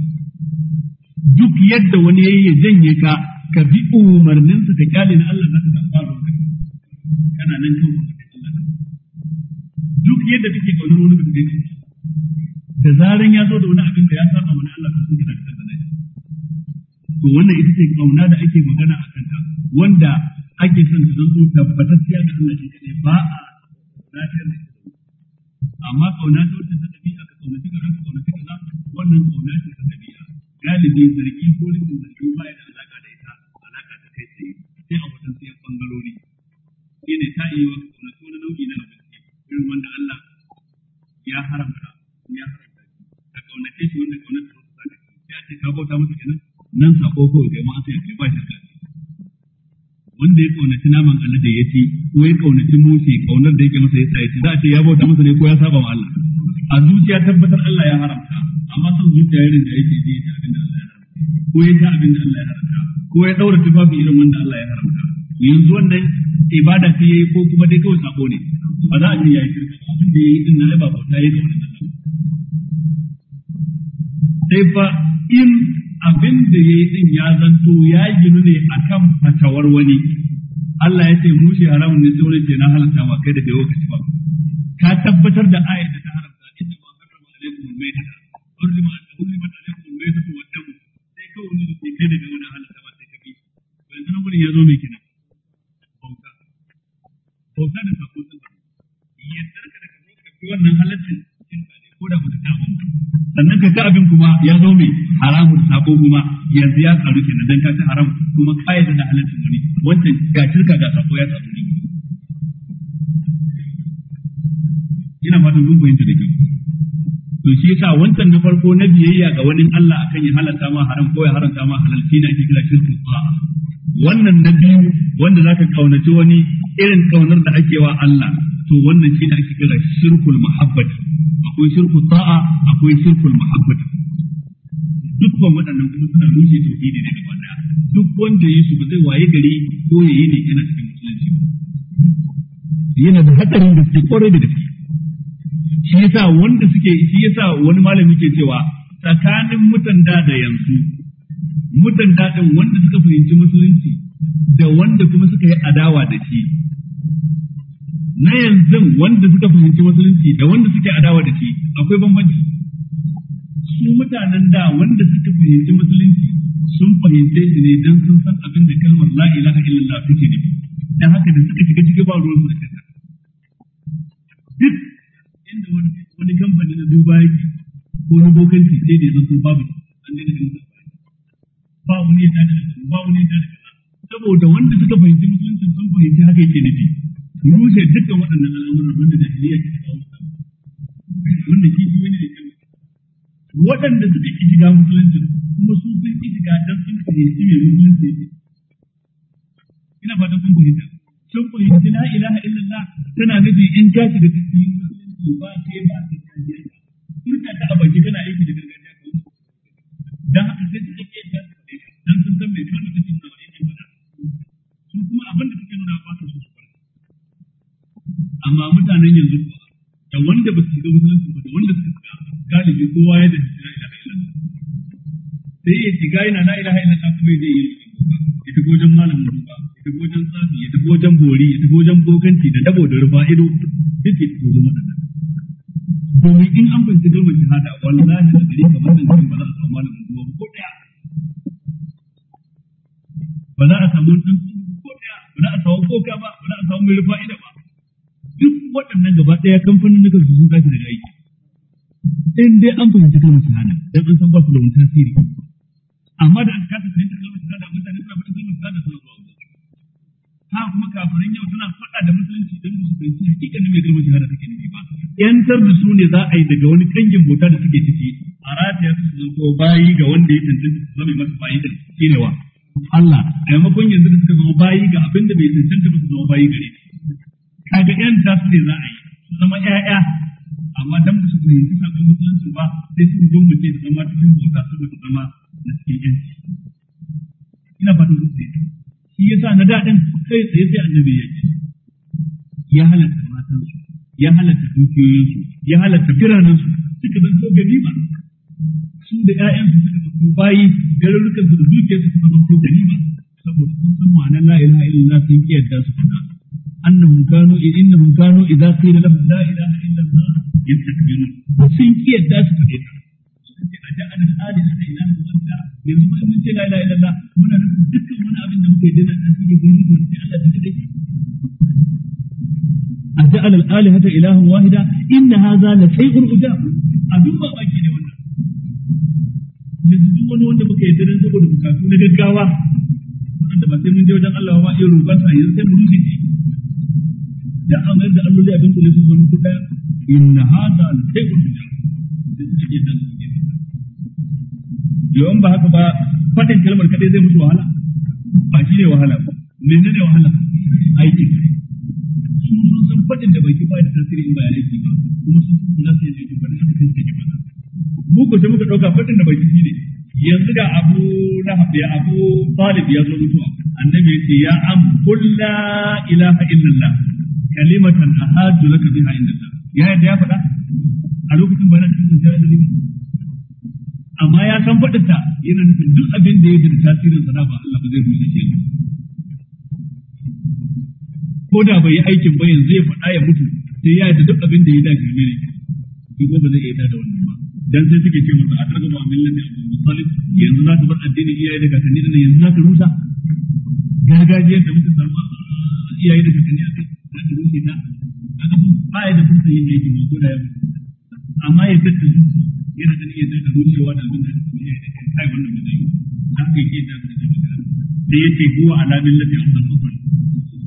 duk yadda wani ya yi ya janye ka ka bi umarninsa da kyale na Allah zaka samu ba ruwan kana nan kan Allah duk yadda kake kaunar wani mutum ne da zaran ya zo da wani abin da ya saba wani Allah ka sunka da kanka to wannan ita ce kauna da ake magana a kanta wanda ake son su zanto tabbatacciya da Allah shi kadai ba a lafiyar da amma kauna ta wata ta dabi'a ka kaunaci ka ranka kaunaci ka za wannan kauna ce ta dabi'a galibi zargi ko rikin zargi ba ya bangarori shi ne ta iya wasu ƙaunaci wani nau'i na abinci irin wanda Allah ya haramta ya haramta ka ƙaunace shi wanda kaunar da wasu sa ya ce ka bauta masa kenan nan sako kawai kai ma sai ya ba shakka wanda ya ƙaunaci naman alade ya ci ko ya kaunaci mushe ƙaunar da yake masa ya sa ya ci za a ce ya bauta masa ne ko ya saba wa Allah a zuciya tabbatar Allah ya haramta amma son zuciya irin da yake ji ta abin da Allah ya haramta ko ya ta abin da Allah ya haramta ko ya daura tufafi irin wanda Allah ya haramta yanzu wannan ibada ce yi ko kuma dai kawai sako ne ba za a ce yi shirka abin da yi din na ba bauta ya ga wannan sai fa in abin da yi din ya zanto ya ginu ne kan fatawar wani Allah ya ce mushi shi haramun ne wani ce na halatta ma kai da bai wakaci ba ka tabbatar da ayar da ta haramta da inda ma harama alaikum al-maita urlima urlima alaikum al-maita wa damu sai kawai ne kai da kai wannan halatta ba sai ka bi yanzu nan gurin ya zo mai ya zo mai haramun sabo kuma yanzu ya karu kenan dan ka ci haram kuma kai da halalcin wani wancan ga shirka ga sabo ya samu ne ina fatan mun fahimta da kyau to shi yasa wancan na farko na biyayya ga wani Allah akan ya halalta ma haram ko ya haramta ma halal shi ne ake kira shirku wannan na biyu wanda zaka kaunaci wani irin kaunar da ake wa Allah to wannan shi ne ake kira shirkul mahabbati akwai shirku ta'a akwai shirkul mahabbati dukkan waɗannan kuma suna rushe tauhidi ne gaba daya duk wanda ya su ba zai waye gari ko ya yi ne yana cikin musulunci yana da hatsarin da suke kwarai da gaske shi yasa wanda suke shi yasa wani malami ke cewa tsakanin mutan da da yanzu mutan da din wanda suka fahimci musulunci da wanda kuma suka yi adawa da shi na yanzu wanda suka fahimci musulunci da wanda suke adawa da shi akwai bambanci su mutanen da wanda suka fahimci musulunci sun fahimce shi ne don sun san abin da kalmar la ilaha illallah suke nufi dan haka da suka shiga cikin ba ruwan su da duk inda wani kamfani na duba yake ko na bokanci sai da yanzu babu an dina ganin sa ba wani ya tada da ba wani ya tada da saboda wanda suka fahimci musulunci sun fahimci haka yake nufi rushe dukkan waɗannan al'amuran wanda jahiliya ke kawo wannan kifi wani ne waɗanda suka ƙi shiga musulunci kuma su sun ƙi shiga don sun fahimci mai musulunci yake ina fata kun fahimta sun fahimci la ilaha illallah tana nufin in ka shiga cikin musulunci ba kai ba ka kaje turka ta abaki kana aiki da gargajiya ka wuce dan haka sai suka ƙi ta don sun san mai kalmar cikin nawa yake fada su kuma abin da suke nuna ba su su amma mutanen yanzu ba da wanda ba su shiga musulunci ba da wanda suka shiga galibi kowa ya dace la ilaha illallah sai ya shiga yana la ilaha illallah kuma zai yi ya tafi wajen malamin ruba ya tafi wajen tsafi ya tafi wajen bori ya tafi wajen bokanci da dabo da rufa ido duk ya tafi wajen waɗannan domin in an fahimci kalmar shahada wallahi da kamar ka mutuncin ba za a samu malamin ruwa ko ɗaya ba za a samu wani ko ɗaya ba za a samu koka ba ba za a samu mai rufa ido ba duk waɗannan gaba ɗaya kamfanin nukan su sun tashi daga aiki in dai an fahimci kalmar shahada dan an san ba su da wani tasiri amma da aka kasa fahimta kalmar shahada mutane suna fata kalmar shahada suna zuwa wajen ha kuma kafirin yau suna faɗa da musulunci don su fahimci hakikanin mai kalmar shahada take nufi ba yantar da su ne za a yi daga wani kangin bota da suke ciki a rataya su zanto bayi ga wanda ya tantance su zama masa bayi da shine Allah a maimakon yanzu da suka zama bayi ga abin da bai tantance ba su zama bayi gare kaga yan da su ne za a yi su zama ƴaƴa amma dan ba su fahimci sabon mutunci ba sai sun zo mu ce da zama cikin bauta saboda zama na cikin yanci ina ba da rubuce ta shi yasa na daɗin kai tsaye sai annabi ya ce ya halatta matansu ya halatta dukiyoyinsu ya halatta biranensu suka gani ba. su da ƴaƴansu suka zanto bayi su da su suka gani ba. saboda sun san ma'anar la ilaha illallah sun yadda su faɗa annahum kanu innahum kanu idza qila lahum la ilaha illa allah yastakbirun sun ki yadda su fade ta ce aja an al'adi da ilaha wanda yanzu mun ce la ilaha illa allah muna nufin dukkan wani abin da muke dena da suke gurin to sai Allah da dake aja an al'alihata ilahan wahida inna hadha la shay'un ujab abin ba baki ne wannan yanzu duk wani wanda yi saboda na gaggawa wanda ba mun je wajen Allah ba iya roƙar yanzu sai mu da amir da alloli abin kula su zama kuɗa inna hada alkaibun da su suke da su yawan ba haka ba fadin kalmar kaɗai zai musu wahala ba shi ne wahala ba menene wahala aiki su sun san fadin da baki ba da tasiri in ba ya aiki ba kuma sun san sai su yi da haka kai suke ba mu ko sai muka dauka fadin da baki shine yanzu da abu na ya abu talib ya zo mutuwa annabi ya ce ya am kullu ilaha illallah kalimatan ahadu laka biha inda ta ya yadda ya faɗa a lokacin ba yana cikin kwanciyar hankali amma ya san ta yana nufin duk abin da ya yi da tasirin sa ba Allah ba zai rushe shi ko da bai yi aikin ba yanzu ya faɗa ya mutu sai ya yadda duk abin da ya dace ne shi ko ba zai iya da wannan ba dan sai suke ce masa akar gaba min da abu musallim yanzu za ka bar addini iyaye da kakanni da yanzu za ka rusa gargajiyar da muka samu iyaye da kakanni akai za ka rushe ta kaga ba ya da fursa yin aiki ma ko da ya amma ya tatta zuci yana ganin ya daga rushewa da abin da ya samu iyaye da kai kai wannan ba zai yi haka yake da abin da ya ce huwa ala millati abdul musallim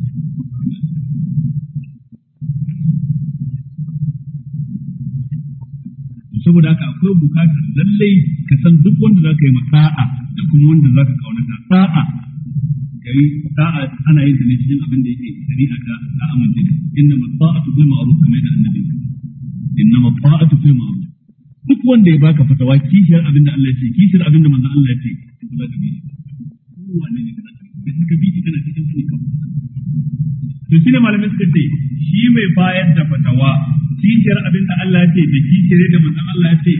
saboda haka akwai bukatar lallai ka san duk wanda za ka yi masa'a da kuma wanda za ka kaunata sa'a yi sa'a ana yin ta ne cikin abin da yake shari'a ta ta amince inna masa'atu bil ma'ruf kamar da annabi inna masa'atu bil ma'ruf duk wanda ya baka fatawa kishiyar abin da Allah ya ce kishiyar abin da manzon Allah ya ce to za ka bi wannan ne da ka bi kana cikin to shine malamin suka ce shi mai bayar da fatawa kishiyar abin da Allah ya ce da kishiyar da manzon Allah ya ce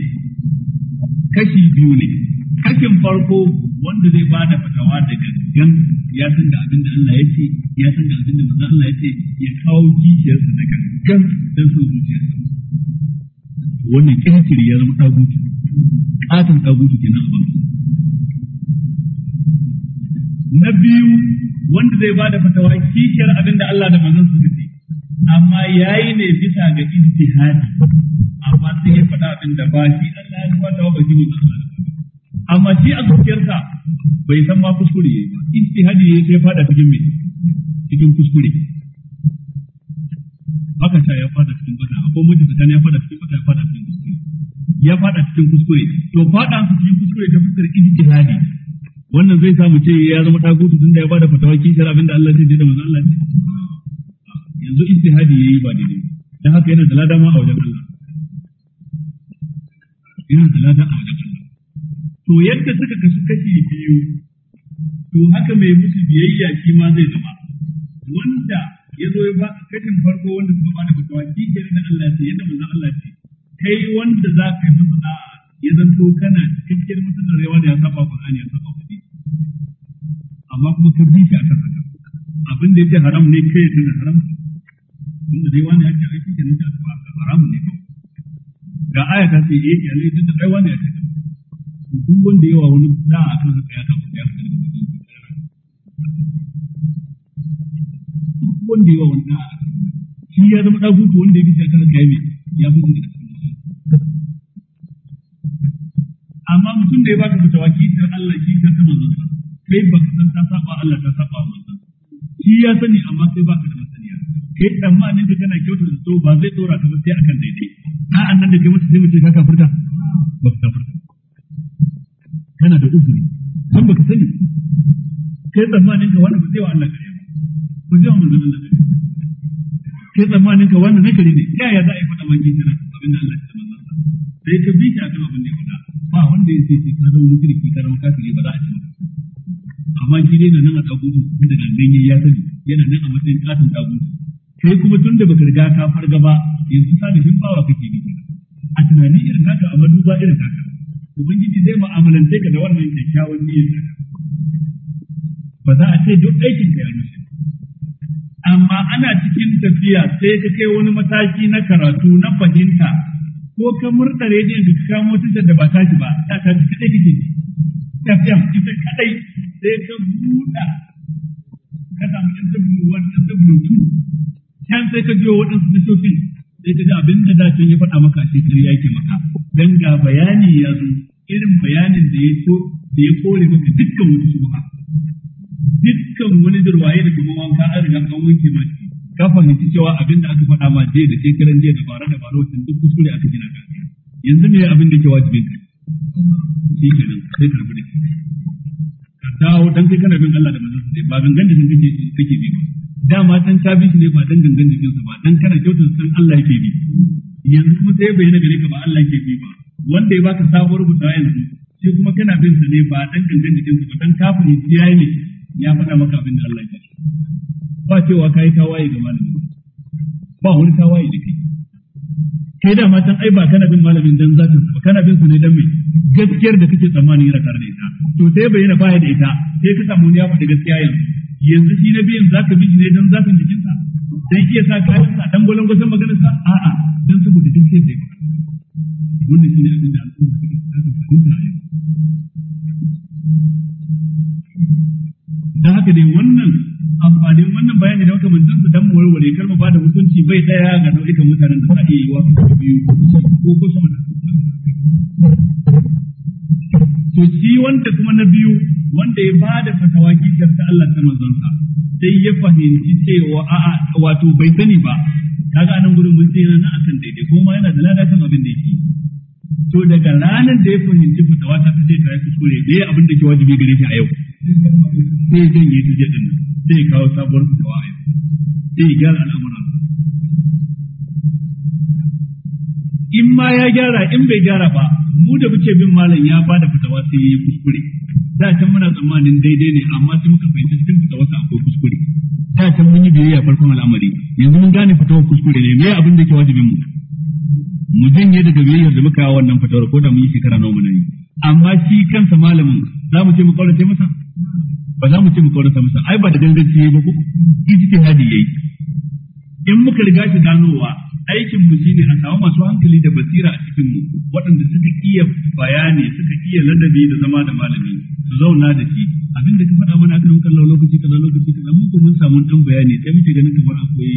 kashi biyu ne kashin farko wanda zai ba da fatawa da gaggan ya san da abin da Allah ya ce ya san da abin da manzon Allah ya ce ya kawo kishiyarsa da gaggan dan so zuciyarsa wannan kirkiri ya zama tagutu katon tagutu kenan a banka na biyu wanda zai bada fatawa kikiyar abin da Allah da manzon su ce amma yayi ne bisa ga ijtihadi amma sai ya faɗa abin da ba shi Allah ya fatawa ba shi ne amma shi a zuciyarsa bai san ma kuskure ba ijtihadi ya sai fada cikin me cikin kuskure haka ta ya fada cikin bata akwai mutum da ya fada cikin bata ya fada cikin kuskure ya fada cikin kuskure to fada cikin kuskure ta fuskar ijtihadi wannan zai samu ce ya zama tun da ya bada fatawa kishar abinda Allah zai ce da manzon Allah ce yanzu ijtihadi yayi ba daidai dan haka yana da ladama a wajen Allah yana da ladan a wajen Allah to yadda suka kasu kashi biyu to haka mai musu biyayya shi ma zai zama wanda ya zo ya ba kashin farko wanda suka bada fatawa kishar da Allah ce yadda manzon Allah ce kai wanda za ka yi masa da ya zanto kana cikakkiyar mutum da rewa da ya saba Qur'ani ya saba hadisi amma kuma ka bi shi kan haka abin da yake haram ne kai tun da haram tun da dai wani yake aiki kenan nan da aka haram ne ba ga aya ta ce eh ne duk da kai wani yake duk wanda yawa wani da a kan haka ya ta ku ya kan haka cikin duk wanda yawa wani da shi ya zama dagutu wanda ya bi shi a kan haka ya bi ya bi daga cikin amma mutum da ya baka fatawa kisar Allah kisar ta manzon sa kai ka san ta saba Allah ta saba manzon shi ya sani amma sai baka da masaniya kai tsammanin da kana kyautar da ba zai tsora ka ba sai akan daidai a'a nan da kai masa sai mutum ka ka ba baka kafirta kana da uzuri kan baka sani kai tsammanin ka wani ba zai wa Allah kariya ba ba zai wa manzon Allah kariya kai tsammanin ka wannan nakari ne yaya za a yi faɗa maki tana abin da Allah ya tsammanin sai ka bi shi akan abin da ya faɗa ba wanda ya ce ka zama mushriki ka zama kafiri ba za a ci maka amma shi dai na nan a tagutu tun da nan ya sani yana nan a matsayin katin tagutu kai kuma tun da baka riga ka farga ba yanzu salihin bawa kake ne a tunani irin haka a maduba irin haka ubangiji zai mu'amalance ka da wannan kyakkyawan niyyar ka ba za a ce duk aikin ka ya rushe amma ana cikin tafiya sai ka kai wani mataki na karatu na fahimta ko ka murɗa rediyon ka kamo tashar da ba ta ba ta ta ci kaɗai kake ji FM ita kaɗai sai ka buɗa ka samu ɗan W1 ɗan W2 can sai ka biyo waɗansu na tashoshin sai ka ji abin da dacin ya faɗa maka sai ya yake maka don ga bayani ya zo irin bayanin da ya so da ya kore maka dukkan wani shubha dukkan wani durwaye da kuma wanka an riga an wanke ma ka fahimci cewa abin da aka faɗa ma jiya da shekaran jiya da fara da fara wacce duk kuskure aka gina ka yanzu me abin da ke wajibin ka shi kenan sai da ke ka dawo dan kai kana bin Allah da manzon Sai ba gangan da kake kake bi ba dama dan ka bi shi ne ba dan gangan da ba dan kana kyautar san Allah yake bi yanzu kuma sai bai gare ka ba Allah yake bi ba wanda ya baka sabuwar rubuta yanzu shi kuma kana bin sa ne ba dan gangan jikin sa ba dan kafin yayi ne ya faɗa maka abin da Allah ya ce ba cewa kai tawaye ga malamin ba wani tawaye da kai kai da matan ai ba kana bin malamin dan zatin ba kana bin su ne dan me. gaskiyar da kake tsammanin yana tare da ita to sai bayyana baya da ita sai ka samu ne ya faɗa gaskiya yanzu yanzu shi na biyan zaka bi ne dan zatin jikinsa sai iya sa kayan sa dan golan gosan maganar sa a dan saboda duk sai dai wannan shi ne abin da al'umma take fahimta da haka dai wannan amfanin wannan bayani da mutum su dan warware kar mu bada mutunci bai daya ga nau'ikan mutanen da za a yi wa biyu ko ko sama da to shi wanda kuma na biyu wanda ya bada fatawa kikar ta Allah ta manzonsa sai ya fahimci cewa a'a wato bai sani ba kaga nan gurin mun sai na akan daidai kuma yana da lada abin da yake to daga ranar da ya fahimci fatawa ta ce ta yi kuskure me abin da ke wajibi gare shi a yau sai zan yi tuje din nan sai kawo sabuwar fatawa a yau sai gyara al'amuran in ma ya gyara in bai gyara ba mu da muke bin malam ya bada fitawa sai ya yi kuskure da can muna tsammanin daidai ne amma sai muka fahimci cikin fitawar sa akwai kuskure da can mun yi biyayya farkon al'amari yanzu mun gane fitawar kuskure ne me abin da ke wajibin mu mu janye daga biyayyar da muka yi wannan fitawar ko da mun yi shekara nawa muna yi amma shi kansa malamin za mu ce mu kaurace masa ba za mu ce mu kaurace masa ai ba da ganganci ba ko ijtihadi yayi in muka riga shi ganowa aikin mu shine a samu masu hankali da basira a cikin mu waɗanda suka iya bayani suka iya ladabi da zama da malami su zauna da shi abin da ka faɗa mana akan kallon lokaci kaza lokaci kaza mu ko mun samu dan bayani sai muke ganin kamar akwai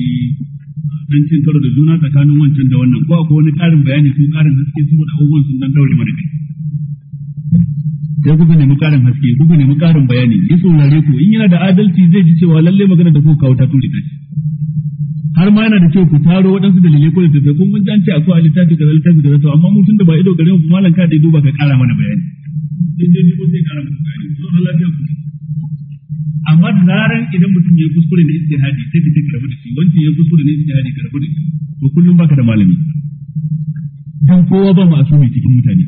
dan ah, cin karo da juna tsakanin wancan da wannan ko akwai wani ƙarin bayani ko ƙarin haske saboda abubuwan sun dan daure mana kai sai kuka nemi karin haske kuka nemi karin bayani ya saurare ku in yana da adalci zai ji cewa lalle magana da kuka kawo ta tuli ta har ma yana da kyau ku taro waɗansu dalilai ko da kun mun an ce akwai a littafi kaza littafi kaza to amma mutum da ba ido gare mu malam ka dai duba ka kara mana bayani sai dai ko sai kara mana bayani to Allah ya ku amma da zaran idan mutum ya kuskure na istihadi sai ka take rabu da shi wanda ya kuskure na istihadi ka rabu da shi to kullum baka da malami dan kowa ba ma'asumi cikin mutane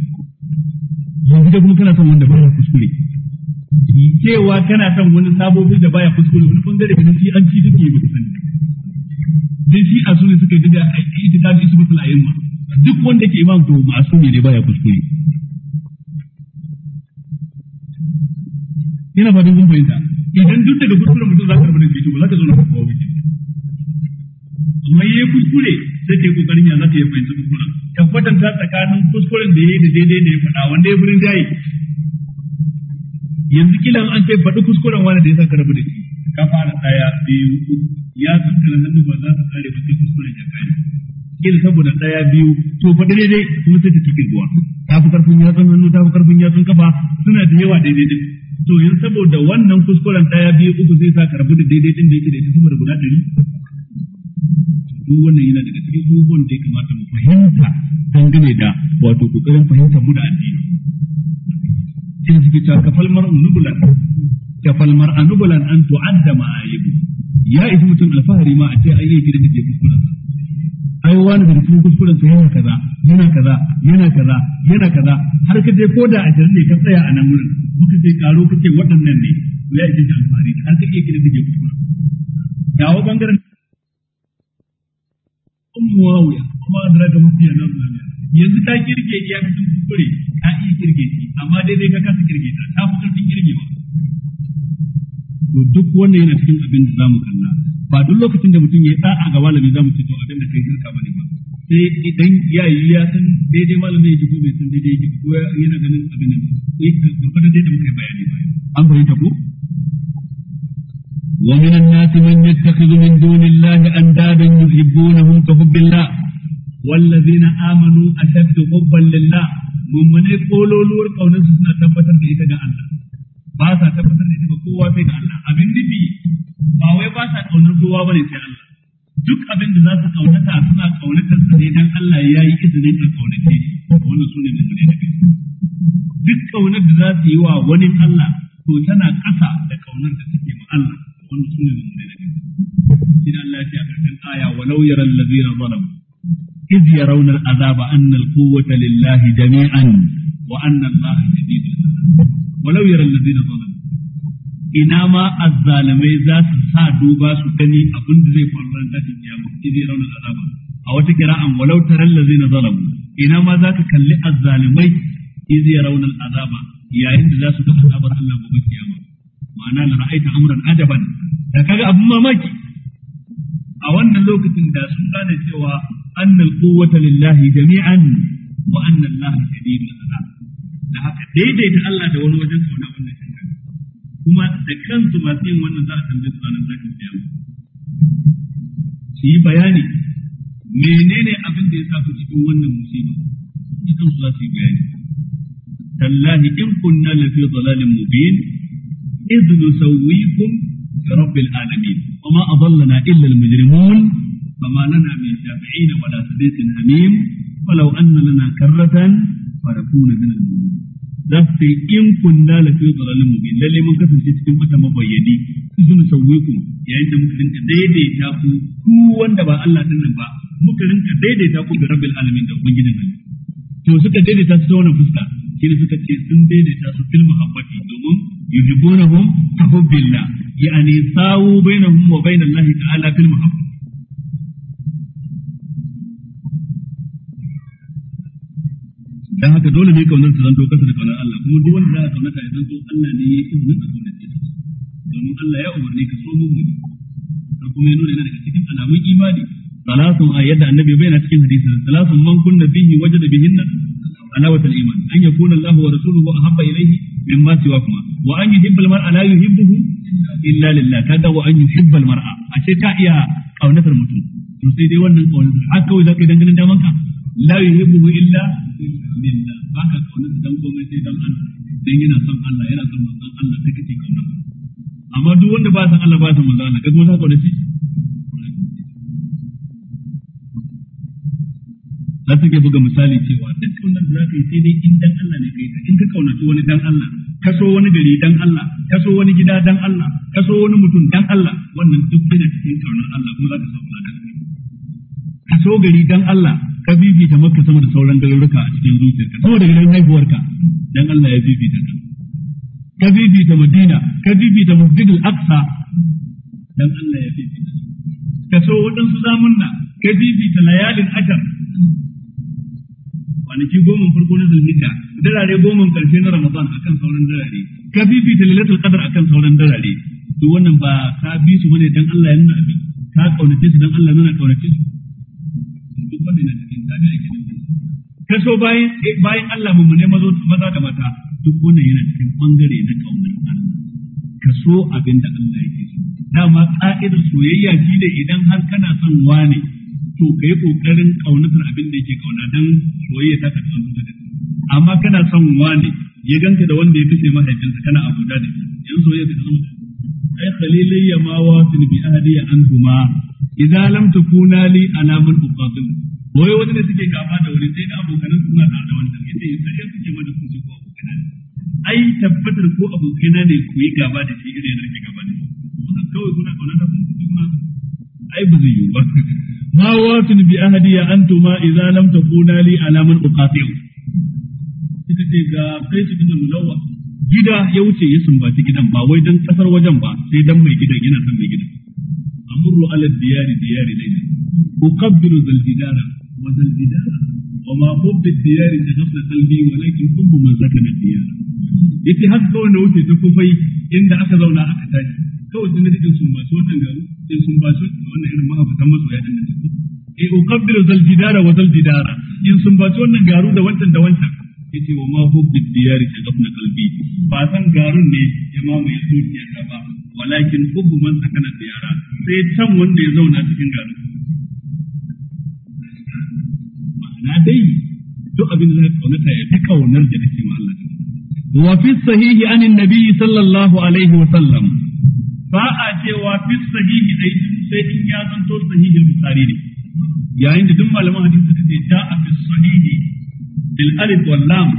yanzu da kuma kana son wanda ya kuskure cewa kana son wani sabobi da baya kuskure wani bangare da shi an ci duk yi ba sani dan shi a suna suka yi da itikadi su mutul ma duk wanda ke imam to ma'asumi ne baya kuskure ina fatan kun fahimta idan duk daga kuskuren mutum za ka rubuta shi ba za ka zo na kowa kuma yayi kuskure sai ta kokarin ya za ya fahimci kuskuren ta kwatanta tsakanin kuskuren da ya yi da daidai da ya faɗa wanda ya furin jayi yanzu kila an ce faɗi kuskuren wanda da ya sa ka rabu da shi ka fara biyu uku ya san kana hannu ba za ta kare ba sai kuskuren ya kare kila saboda daya biyu to faɗi daidai kuma sai ta cikin ruwa ta fi karfin yatsun hannu ta fi karfin yatsun kafa suna da yawa daidai din to yanzu saboda wannan kuskuren daya biyu uku zai sa karbu rabu da daidai din da yake da ita da guda ɗari duk wannan yana daga cikin abubuwan da ya kamata mu fahimta dangane da wato kokarin fahimtar mu da addini sai suke cewa kafal mar'u nubulan kafal mar'a nubulan an tu'adda ma'ayibu ya isa mutum alfahari ma a ce ai yake da take kuskuren ai wani da cikin kuskuren sa yana kaza yana kaza yana kaza yana kaza har ka je ko da a ne ka tsaya a nan wurin muka ce karo kake waɗannan ne ya isa alfahari har ka ke kira take kuskuren wa bangaren ummu kuma an mafi yana yanzu ka kirge ya fi kuskure ka iya kirge shi amma daidai ka kasa kirge ta ta fi karfin kirgewa to duk wannan yana cikin abin da zamu kalla ba duk lokacin da mutum ya yi da'a ga malami zamu ce to abin da kai shirka bane ba sai idan ya ya san daidai malamin bai san daidai ko yana ganin abin nan sai eh, ka da muka yi bayani an fahimta ko ومن الناس من يتخذ من دون الله أندادا يحبونهم كحب الله والذين آمنوا أشد حبا لله ممن يقولوا لور قونا سنة تبتر بإيتا جاء الله باسا تبتر بإيتا قوة بإيتا الله أبن نبي باوي باسا قونا قوة سي الله duk أبن da za su kaunata suna kaunatar sa ne dan Allah ya yi izinin a kaunace shi wannan sune mummune da kai duk kaunar da za su yi wa wani Allah to tana Wani su ne mummunai na gaske shi da Allah ya ce a karshen aya walau yara allazina zalamu iz yarawna al'azaba anna al-quwwata lillahi jami'an wa anna Allah shadidul Wa walau yara na zalamu ina ma azzalamai za su sa duba su gani abin da zai faru ran tashin kiyama iz raunar azaba a wata kira'an walau taral na zalamu ina ma za ka kalli azzalimai iz raunar azaba yayin da za su ga azabar Allah gobe kiyama ma'ana la ra'aita amran ajaban da kaga abin mamaki a wannan lokacin da sun gane cewa annal quwwata lillahi jami'an wa anna Allah shadidul azab da haka daidaita Allah da wani wajen kauna wannan shirka kuma da kansu masu yin wannan za a tambaye su ranar zakin kiyama su yi bayani menene abin da ya sa ku cikin wannan musiba da kansu za su yi bayani tallahi in kunna lafi dhalalin mubin idh nusawwikum رب العالمين وما أضلنا إلا المجرمون فما لنا من شافعين ولا صديق حميم ولو أن لنا كرة فنكون من المؤمنين dafi in kunna la fi dhalalin mubin lalle mun kasance cikin wata mabayyani sun sauwiku yayin da muka rinka daidaita ku ku wanda ba Allah din nan ba muka rinka daidaita ku da rabbil alamin da ubangijin Allah to suka daidaita su ta wannan fuska shi ne suka ce sun daidaita su fil muhabbati domin yuhibbunahum ka hubbillah yani sawu bainahum wa bainallahi ta'ala fil muhabbati dan haka dole ne kaunar su zanto kasa da kaunar Allah kuma duk wanda za a kaunata ya zanto Allah ne ya izinin a kaunace ce domin Allah ya umarni ka so mun muni kuma ya nuna yana daga cikin alamun imani salasun a yadda annabi bai na cikin hadisin salasun man kunna fihi wajada bihinna alawat al-iman an yakuna Allah wa rasuluhu ahabba ilayhi mimma siwa kuma wa an yuhibba mara la yuhibbuhu illa lillah kada wa an yuhibba mara a ce ta iya kaunatar mutum to sai dai wannan kaunatar har kawai zaka idan ganin daman ka la yuhibbuhu illa lillah baka kaunar dan komai sai yana son Allah yana son Allah amma wanda Allah ka shi za su buga misali cewa duk kaunar da za ka yi sai dai in dan Allah ne kai ta in ka kaunaci wani dan Allah ka so wani gari dan Allah ka so wani gida dan Allah ka so wani mutum dan Allah wannan duk yana cikin kaunar Allah kuma za ka samu ladan ka so gari dan Allah ka bibita maka sama da sauran garuruka a cikin zuciyarka saboda gidan haihuwarka dan Allah ya bibita ka ka bibita Madina ka bibita Masjid aqsa dan Allah ya bibita ka so waɗansu zamunna ka bibita layalin ajar kwanaki goma farko na zulhijja dalare goma karshe na ramadan akan sauran dalare ka fifita lailatul qadr akan sauran dalare To wannan ba ka bi su bane dan Allah ya nuna abi ka kaunace su dan Allah nuna kaunace su duk wannan na cikin tabi ka kaso bayan eh, bayan Allah mu ne mazo maza da mata duk wannan yana cikin bangare na kaunar Allah so abin da Allah yake so dama ka'idar soyayya da idan har kana son wane to kai kokarin kaunatar abin da yake kauna dan soyayya ta ka tsantsu da amma kana son wani ya ganka da wanda ya kace mahaifinsa kana abuda da shi yan soyayya ta zama ai khalilayya ma wasin bi ahdiya antuma idza lam takuna li alamun uqatil wai wani da suke gaba da wani sai da abokan suna tare da wani sai sai suke ma da su ko abokana ai tabbatar ko abokan ne ku yi gaba da shi irin da ke gaba da shi wannan kawai kuna kauna da kuma ai ba yi ba ma wafin bi ahadi ya antuma idza lam takuna li alaman uqatil kika ce ga kai su bin mulawa gida ya wuce ya sumbaci gidan ba wai dan kasar wajen ba sai dan mai gidan yana san mai gidan amru ala diyari diyari Ku uqabbilu zal jidara wa zal jidara وما حب الديار شغفل قلبي ولكن حب من سكن الديار yace har kawai wuce ta kufai inda aka zauna aka tashi kawai jin rikin sun ba garu in sun ba irin mahabbatan masoya din da e uqabbilu zal garu da wancan da wancan yace wa ma hubbi diyari ka gafna garun ne ya mamaye zuciya ta ba walakin hubbu man sakana diyara sai can wanda ya zauna cikin na dai duk abin da zaka kaunata ya fi kaunar da nake ma Allah wa fi sahihi an annabi sallallahu alaihi wa sallam ba a wa fi sahihi dai sai in ya zanto sahihi al-bukhari ne yayin da duk malaman hadisi suka ce ta a fi sahihi bil alif wal lam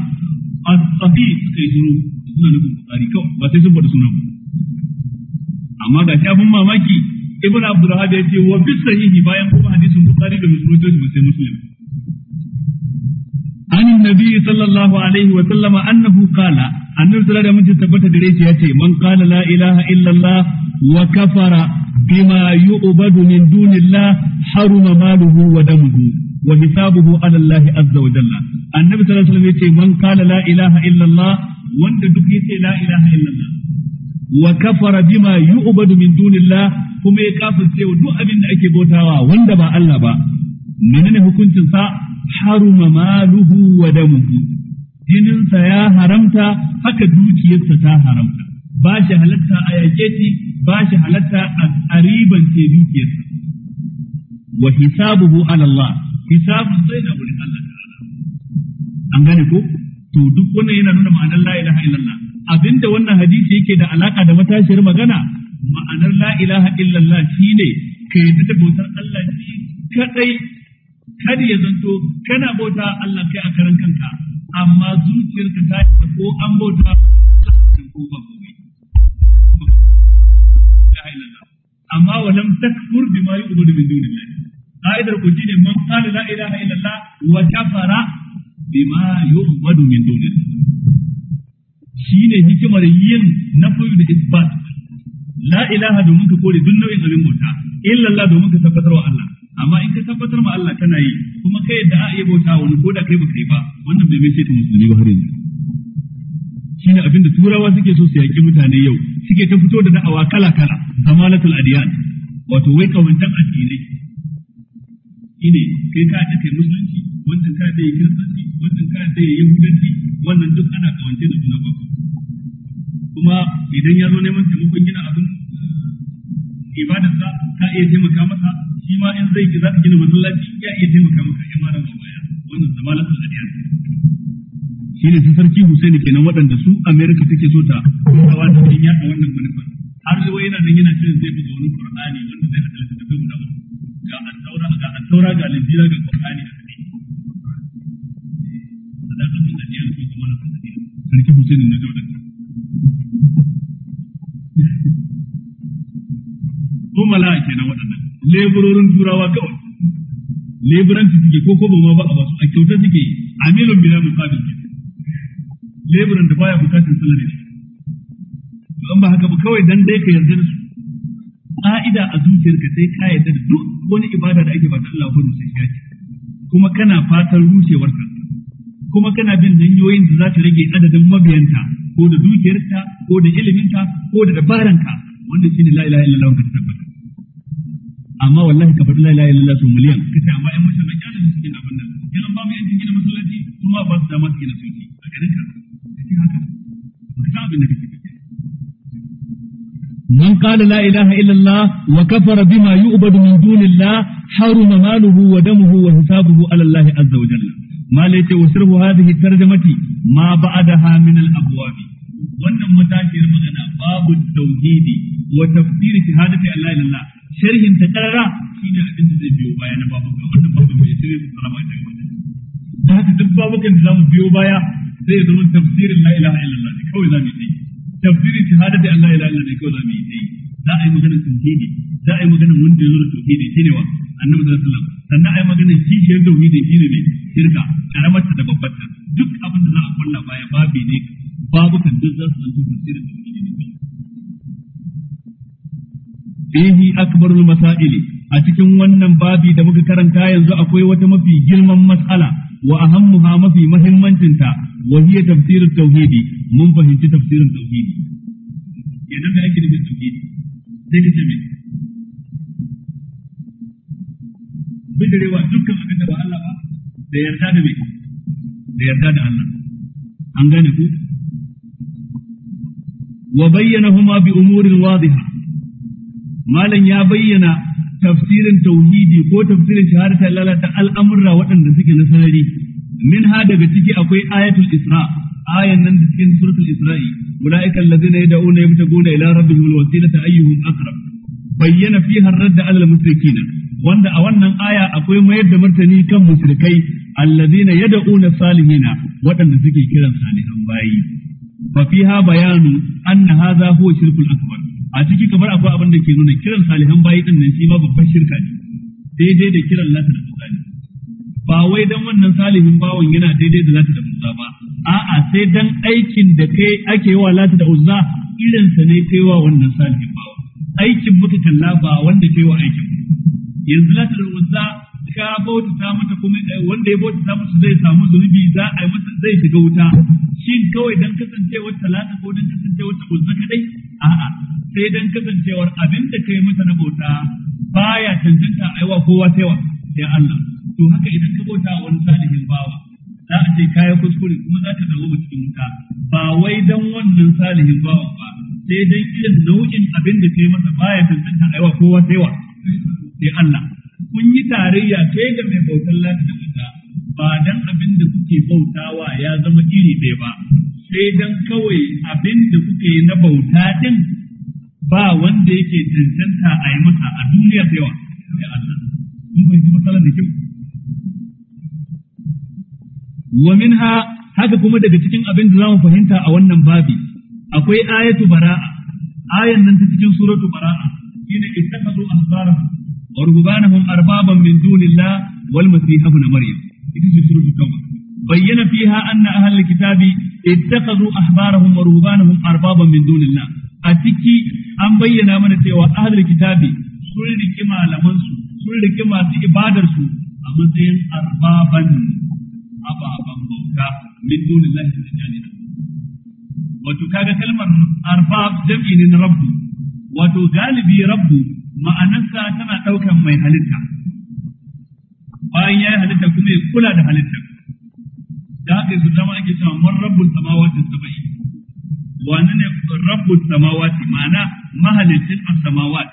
as-sahih suka yi shiru suna nufin bukhari kawai ba sai sun faɗi sunan amma ga shi shafin mamaki ibn abdurrahman ya ce wa fi sahihi bayan kuma hadisin bukhari da muslim sai muslim عن النبي صلى الله عليه وسلم أنه قال النبي صلى الله عليه وسلم تبت دريتي من قال لا إله إلا الله وكفر بما يؤبد من دون الله حرم ماله ودمه وحسابه على الله عز وجل النبي صلى الله عليه وسلم يتي من قال لا إله إلا الله وانت دكيتي لا إله إلا الله وكفر بما يؤبد من دون الله كما يكافر سيو دو أبن أكي بوتاوا وانت با الله با menene hukuncin sa haruma maluhu wa damuhu jininsa ya haramta haka dukiyarsa ta haramta ba shi halatta a yake shi ba shi halatta a ribance dukiyarsa wa hisabuhu ala Allah hisabun sai da wurin Allah ta'ala an gane ko to duk wannan yana nuna ma'anar la ilaha illallah abinda wannan hadisi yake da alaka da matashiyar magana ma'anar la ilaha illallah shine ka yadda da bautar Allah shi kadai kada ya zanto kana bauta Allah kai a karan kanka amma zuciyarka ta yi ko an bauta ka ko ba komai amma wa lam takfur bima yu'budu min dunillah ka'idar ku shine man qala la ilaha illallah wa kafara bima yu'budu min dunillah shine hikimar yin nafi da isbat la ilaha domin ka kore duk nau'in abin bauta illallah domin ka tabbatar wa Allah amma in ka tabbatar ma Allah tana yi kuma kai yadda a iya bauta wani ko da kai ba kai ba wannan bai mai ta musulmi ba har yanzu ne abin da turawa suke so su yaƙi mutane yau suke ta fito da da'awa kala kala zamanatul adiyan wato wai kawantan addinai ine kai ka ta kai musulunci wannan ka ta yi kiristanci wannan ka ta yi yahudanci wannan duk ana kawance da juna ba kuma idan ya zo neman taimakon gina abin ibadar sa ta iya taimaka masa shi ma in zai za ka gina masallaci ya iya taimaka maka ya mara mai baya wannan zamalatul adiyar shi ne su sarki Hussein kenan waɗanda su Amerika take so ta kawo ta cikin yaɗa wannan manufar har yi wa yana nan yana shirin zai buga wani Qur'ani wanda zai hada da tafi guda uku ga an taura ga an saura ga al ga Qur'ani a cikin sadaqatul adiyar ko zamalatul adiyar sarki Hussein ne da zumala kenan waɗannan leburorin turawa kawai leburanci suke ko ko ba ba a basu a kyauta suke amilun bila muqabil kenan leburan da baya bukatun salari to an ba haka ba kawai dan dai ka yarda da su ka'ida a zuciyarka sai ka yarda da duk wani ibada da ake ba ta Allah ko sai ya kuma kana fatan ta kuma kana bin hanyoyin da za ta rage adadin mabiyanta ko da dukiyarta ko da iliminta ko da dabaranka wanda shine la ilaha illallah ka tabbata amma wallahi ka faɗi la ilaha illallah miliyan kace amma ƴan musulmai kana su cikin abin nan ba mu yanci gina masallaci kuma ba su dama su gina soki a garin ka kace haka ba ka san abin da kake من قال لا إله إلا الله وكفر بما يؤبد من دون الله حرم ماله ودمه وحسابه على الله عز وجل ما ليت وسره هذه الترجمة ما بعدها من الأبواب wannan matashiyar magana babu tauhidi wa tafsir shahadati Allah ilallah sharhin ta karara shi ne abin da zai biyo baya na babuka wannan babu mai sirri da tsara ta daga wannan da haka duk babukan da zamu biyo baya zai ya zama tafsirin la ilaha illallah ne kawai zamu yi tafsirin shahada da Allah ilaha illallah ne kawai zamu yi za a yi maganar tauhidi za a yi maganar wanda ya zo da tauhidi shine wa annabi sallallahu alaihi wasallam sannan a yi maganar kishiyar tauhidi shine ne shirka karamar ta da babbar ta duk abin da za a kulla baya babu ne babukan duk za su zanto tafsirin tauhidi ne bihi akbarul masaili a cikin wannan babi da muka karanta yanzu akwai wata mafi girman mas'ala wa ahammuha mafi muhimmancin ta wa hiya tafsir tauhidi mun fahimci tafsir tauhidi idan da ake nufin tauhidi sai ka ce me bidirewa dukkan abin da ba Allah ba da yarda da me da yarda da Allah an gane ku wa bayyanahuma bi umurin wadihah malam ya bayyana tafsirin tauhidi ko tafsirin shahadata lalata al'amurra waɗanda suke na sarari min ha daga ciki akwai ayatul isra ayan nan da cikin suratul isra'i ulaiikal ladina yad'una yabtaguna ila rabbihim alwasilata ayyuhum aqrab bayyana fiha ar-radd alal al wanda a wannan aya akwai mayar da martani kan mushrikai alladina yad'una salihina waɗanda suke kiran salihan bayi fa fiha bayanu anna hadha huwa shirkul akbar a ciki kamar akwai abin da ke nuna kiran salihan bayi din nan shi ma babban shirka ne daidai da kiran lata da musa ne ba wai dan wannan salihin bawan yana daidai da lata da musa ba a'a sai dan aikin da kai ake wa lata da uzza irin sa ne kai wa wannan salihin bawan aikin muka kalla ba wanda kai wa aikin yanzu lata da uzza ka bautata mata kuma eh, wanda ya bautata mata zai samu zunubi za a yi masa zai shiga wuta shin kawai dan kasancewar talata ko dan kasancewar ta uzza kadai a'a sai dan kasancewar abin da kai mata na bauta baya cancanta aiwa kowa sai wa sai Allah to haka idan ka bauta wani salihin bawa za a ce kayan kuskure kuma za ka dawo cikin wuta ba wai dan wannan salihin bawa ba sai dan irin nau'in abin da kai masa baya cancanta aiwa kowa sai wa sai Allah kun yi tarayya kai da mai bautar lati da wuta ba dan abin da kuke bautawa ya zama iri ɗaya ba sai dan kawai abin da kuke na bauta din ba wanda yake cancanta a yi masa a duniya da yawa sai Allah kun fahimci matsalar da kyau wa minha haka kuma daga cikin abin da zamu fahimta a wannan babi akwai ayatu bara'a ayan nan ta cikin suratu bara'a shine ittakhadhu ahbarahum wa ruhbanahum arbaban min dunillah wal masih ibn maryam ita ce suratul tauba bayyana fiha anna ahlul kitabi ittakhadhu ahbarahum wa ruhbanahum arbaban min dunillah a ciki an bayyana mana cewa ahlul kitabi sun riki malaman sun riki masu ibadarsu su a matsayin arbaban min dunillah wato kalmar arbab jam'i ne na rabbu wato galibi rabbu ma'anarsa tana ɗaukan mai halitta bayan ya yi halitta kuma ya kula da halitta da haka su zama ake cewa mun rabbul samawati saba'i wani ne rabbul samawati ma'ana mahalicin a samawat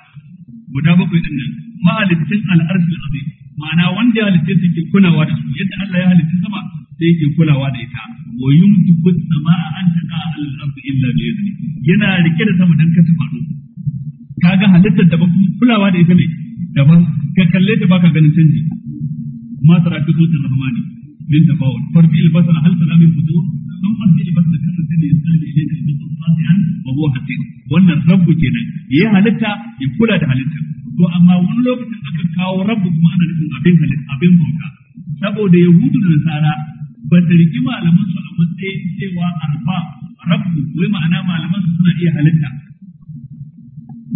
guda bakwai din nan mahalicin al a azim ma'ana wanda ya halitta ke kulawa da su yadda Allah ya halitta sama sai yake kulawa da ita wa yumtiku as-samaa an taqa al-ardi illa bi yana rike da sama dan kasa faɗo kaga halittar daban kulawa da ita ne daban ka kalle ta baka ganin canji ma tara fi kulkin rahmani min bawul farbi albasara hal tara min futur sun farbi albasara kan sani ne yasali ilayka albasara satian wa huwa hatin wannan rabbu kenan ya halitta ya kula da halitta to amma wani lokacin aka kawo rabbu kuma ana nufin abin halitta abin bauta saboda yahudu da nasara ba ta riki malaman su a matsayin cewa arba rabbu wai ma'ana malaman su suna iya halitta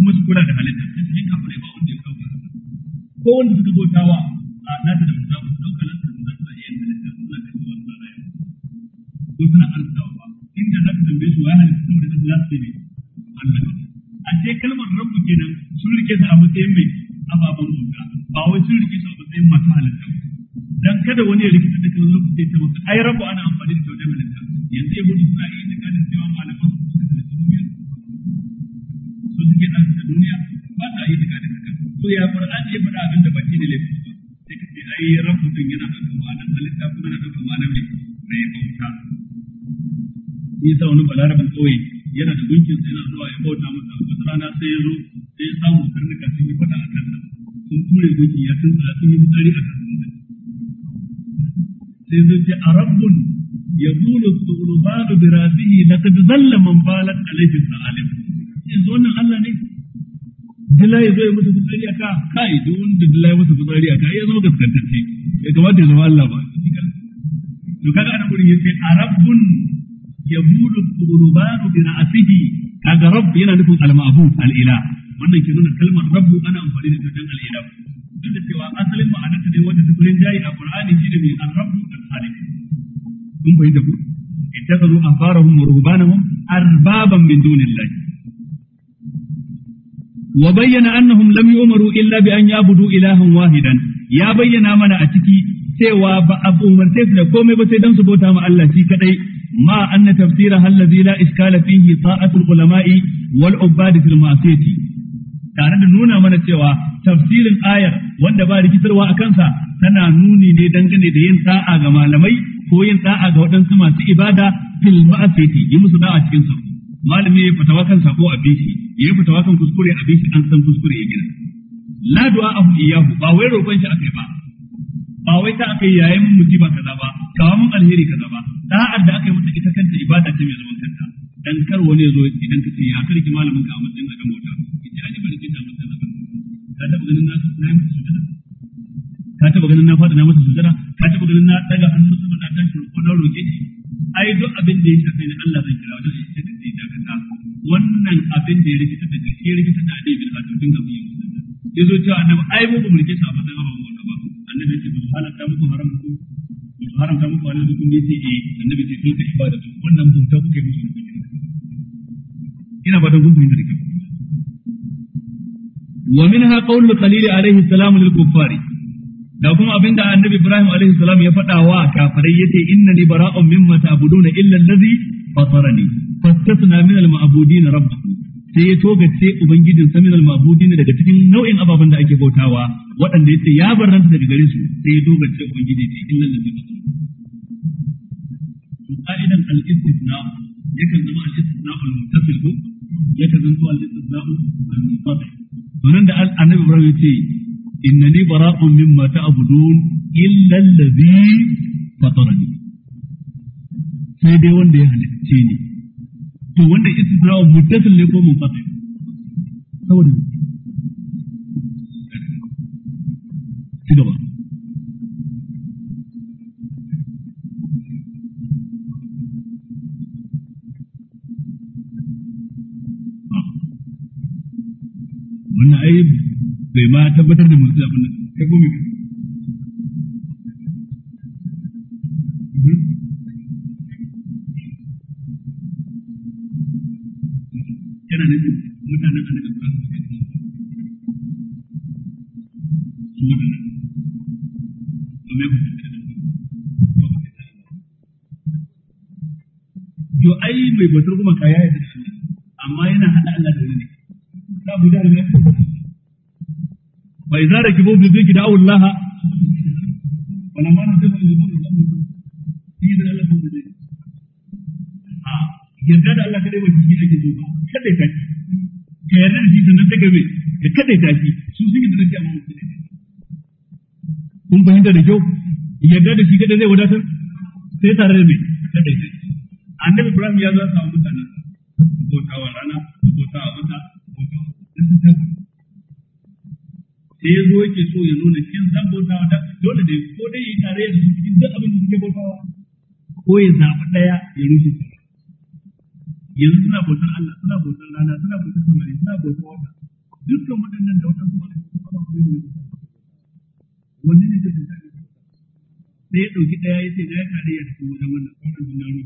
kuma su kula da halitta sai su yanka fure ba wanda ya dauka ko wanda suka bautawa a nata da musabu su dauka lantar da musabu a yayin halitta suna kashe wasu suna rayuwa ko suna arzawa ba inda za ka tambaye su wa halitta saboda da za su ne Allah a ce kalmar rabu kenan sun rike su a matsayin mai ababen bauta ba wai sun rike su a matsayin masu halitta dan kada wani ya rikita da kan lokaci ta maka ai rabu ana amfani da kyau da halitta yanzu ya gudu suna iya tsakanin cewa malaman su su suke azurta duniya ba a yi daga daga tuka to ya qur'ani ya faɗa abin da baki ne laifin ba sai ka ce ai rabbu din yana kuma nan halitta kuma da kuma nan mai mai bauta Ni yasa wani balarabin kawai yana da gunkin sai na zuwa ya bauta masa wata rana sai ya zo sai ya samu karnuka sun yi faɗa a nan sun ture gunki ya tuntura sun yi fitsari a nan sai zo ce a rabbun ya bulu tsurubanu bi rafihi laqad zalla man balat alayhi salim yanzu wannan Allah ne dilaye zai masa fitsari aka kai duk wanda dilaye masa fitsari aka ya zama gaskantacce ya kamata ya zama Allah ba to kaga ana gurin yace arabun yabudu ghurubanu bi ra'sihi kaga rabb yana nufin al-ma'bud al-ilah wannan ke nuna kalmar rabbu ana amfani da ita dan al-ilah duk da cewa asalin ma'anarta ne wanda ta gurin jayi a Qur'ani shine mai al-rabbu al-khaliq kun bayyana ku ittakhadhu ahbarahum wa ruhbanahum arbaban min dunillahi wa bayyana annahum lam yu'maru illa bi ya budu ilahan wahidan ya bayyana mana a ciki cewa ba a umarce su da komai ba sai dan su bauta ma Allah shi kadai ma anna tafsira allazi la iska fihi ta'atul ulama'i wal ubad fil ma'siyati tare da nuna mana cewa tafsirin ayar wanda ba rikitarwa a kansa tana nuni ne dangane da yin sa'a ga malamai ko yin sa'a ga waɗansu masu ibada fil yi musu da'a cikin sako malami ya fita wakan sako a bishi ya fita wakan kuskure a bishi an san kuskure ya gina la du'a ahu iyahu ba wai roƙon shi akai ba ba wai ta akai yayin musiba kaza ba kawo mun alheri kaza ba da'ar da akai mata ita kanta ibada ce mai zaman kanta dan kar wani zo idan ka ce ya karki malamin ka a matsayin a gamota ita ani bari ki ta matsayin a ka taɓa ganin na na yi musu gada. ka taba ganin na fada na masa sujada ka taba ganin na daga hannu sama na tashi ko na roke shi ai duk abin da ya shafe ni Allah zai kira wajen shi da zai dakata wannan abin da ya rikita da shi rikita da Adi bin Hatim din gabi ya zo yazo cewa annabi ai mu mu rike ba da babu mu ba annabi ce ba halatta muku haram ku ba su haramta muku wani hukun da yake eh annabi ce tilka ibada to wannan bauta kuke musu hukun ina ba don kun da ومنها قول الخليل عليه السلام alayhi da kuma abin da annabi Ibrahim alaihi salam ya faɗa wa kafirai yace innani bara'un mimma ta'buduna illa allazi fatarani fastasna min al-ma'budin rabbukum sai ya toga ce ubangijin sa min al-ma'budin daga cikin nau'in ababen da ake bautawa waɗanda yace ya bar barranta daga gare su sai ya toga ce ubangiji ce illa allazi fatarani qa'idan al-istithna yakan zama al-istithna al-muttasil yakan zama al-istithna al-munqati wannan da annabi Ibrahim yace إنني براء مما تعبدون إلا الذي فطرني سيدي وندي يا هلك تيني تو وندي إتتراء متصل لكم منقطع سوري تقبع وانا ايب bai ma tabbatar da motsi abin nan kai gumi me mhm. yana nan mutanen annabi Ibrahim da kai su nan to me kuke to ai mai bautar kuma kaya ya da amma yana hada Allah da wani ne ta buda da mai fa idza rakibu fi dhikri da Allah wala ma na da nasibu idan Allah ko zai a yarda da Allah kadai wani shi ake so ba kadai ta ka yarda da shi sannan ta gabe da kadai ta ki, su sun yi da shi amma mutum kun fahimta da kyau yarda da shi kadai zai wadatar sai tare da mai kadai ta annabi Ibrahim ya zo samu mutanen wa rana bautawa wata bautawa da sun tabbata sai ya zo yake so ya nuna kin san bautawa da dole dai ko dai yi tare da cikin duk abin da suke bautawa ko ya zaɓi ɗaya ya rushe su yanzu suna bautar Allah suna bautar rana suna bautar samari suna bautar wata dukkan waɗannan da wata kuma su ba ku da Wani ne kake tare sai ya ɗauki ɗaya ya ce na ya tare ya tafi wajen wannan da na ne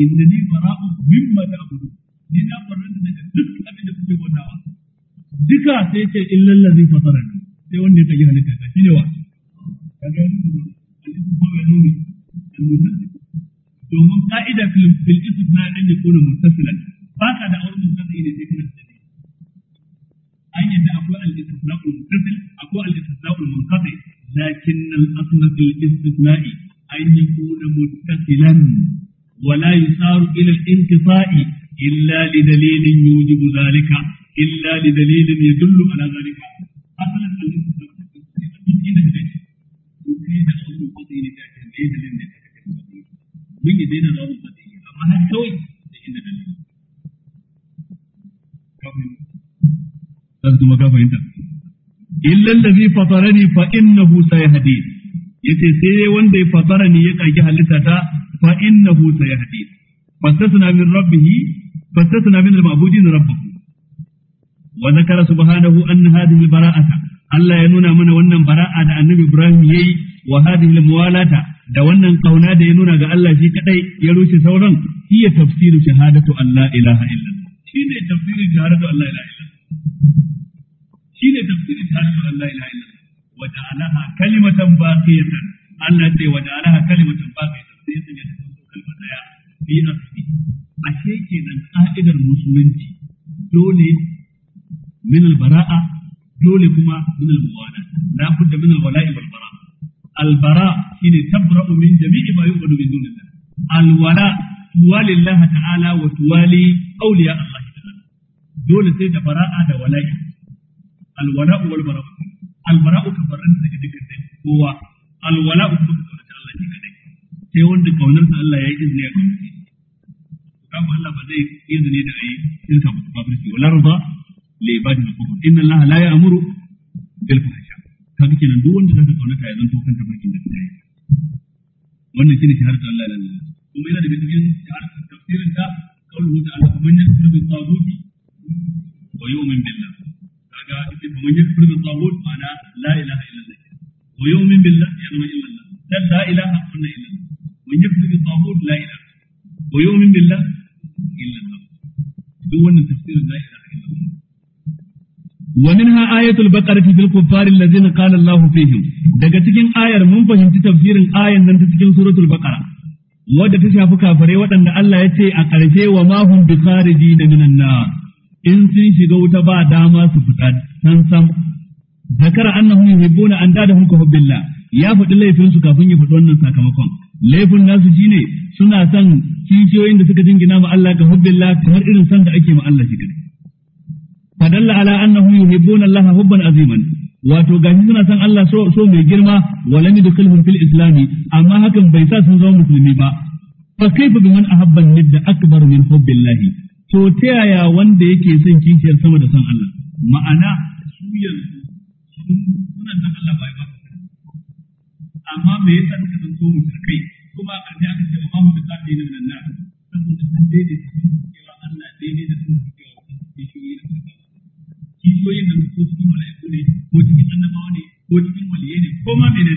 inda ni fara'u mimma ta'budu ni na da daga duk abin da kuke bautawa duka sai ce illal ladhi fatarani sai wanda ya kaji halitta ta ne wa kaga hadisin ko ya domin ka'ida fil fil istithna an yakuna Ba ka da auren muttasilan ne sai kana da an yadda akwai al-istithna muttasil akwai al-istithna munqati لكن الأصل في الاستثناء أن يكون متصلا ولا يصار إلى الانقطاع إلا لدليل يوجب ذلك إلا لدليل يدل على ذلك أصلا mun yi da inda dalili kafin kuma ka fahimta illa allazi yace sai wanda ya fatarani ya kage halitta ta fa innahu sayahdi fastasna min rabbih فاستثنى من المعبودين ربه وذكر سبحانه أن هذه البراءة الله ينونا من ونن براءة النبي إبراهيم يي وهذه الموالاة da wannan kauna da ya nuna ga Allah shi kadai ya rushe sauran iya tafsiru shahadatu Allah ilaha illallah shine tafsirin shahadatu Allah ilaha illallah shine tafsirin shahadatu Allah ilaha illallah wa ta'alaha kalimatan baqiyatan Allah ce wa ta'alaha kalimatan baqiyatan sai ya sanya ta kalmar daya ashe kenan ka'idar musulunci dole min albara'a dole kuma min almuwala la budda min alwala'i wal bara albara shine tabra'u min jami'i ma yu'budu min dunillah alwala tuwali Allah ta'ala wa tuwali awliya Allah ta'ala dole sai da bara'a da wala'i alwala'u wal bara'u albara'u kafaran daga dukkan dai kowa alwala'u kuma ka kaunaci Allah ne kadai sai wanda kaunar sa Allah ya yi izini ya kaunaci kaga Allah ba zai izini da ayi in ba kafirci wala rida li ibadi al kufur inna Allah la ya'muru bil fahsha kaga kenan duk wanda zaka kaunata ya zanto kan tafarkin da kai wannan shine shahadatu Allah la kuma yana da cikin shahadatu tafsirin ta Allah ta'ala man yakfur bil taghut wa yu'min billah kaga ita man yakfur bil taghut ma'ana la ilaha illa Allah wa yu'min billah ya zama illa Allah la ilaha illa Allah man yakfur bil taghut la ilaha ويؤمن بالله duk wannan tafsirin la ilaha illallah wa minha ayatul baqarati fil kuffari allazina qala Allahu fihim daga cikin ayar mun fahimci tafsirin ayan nan cikin surutul baqara wadda ta shafi kafare waɗanda Allah ya ce a ƙarshe wa ma hum bi kharijina minan nar in sun shiga wuta ba dama su fita san sam zakara annahum yuhibbuna an dadahum ka hubbillah ya faɗi laifinsu kafin ya faɗi wannan sakamakon laifin nasu shi ne suna son kishiyoyin da suka jingina ma Allah ga hubbillah kamar irin son da ake ma Allah shi kadai fadalla ala annahu yuhibbuna Allah hubban aziman wato gashi suna son Allah so mai girma da kalfin fil islami amma hakan bai sa sun zama musulmi ba fa kaifa a ahabban nidda akbar min hubbillah to ta yaya wanda yake son kishiyar sama da son Allah ma'ana su yanzu sunan nan Allah bai ba amma me yasa suka mu kai kuma a ƙarshe aka ce wa mu da zafi na nan nan saboda sun da sun cewa Allah daidai da sun cewa sun kishiyoyi da suka kishiyoyin nan ko cikin mala'iku ne ko cikin annabawa ne ko cikin waliyai ne ko ma ne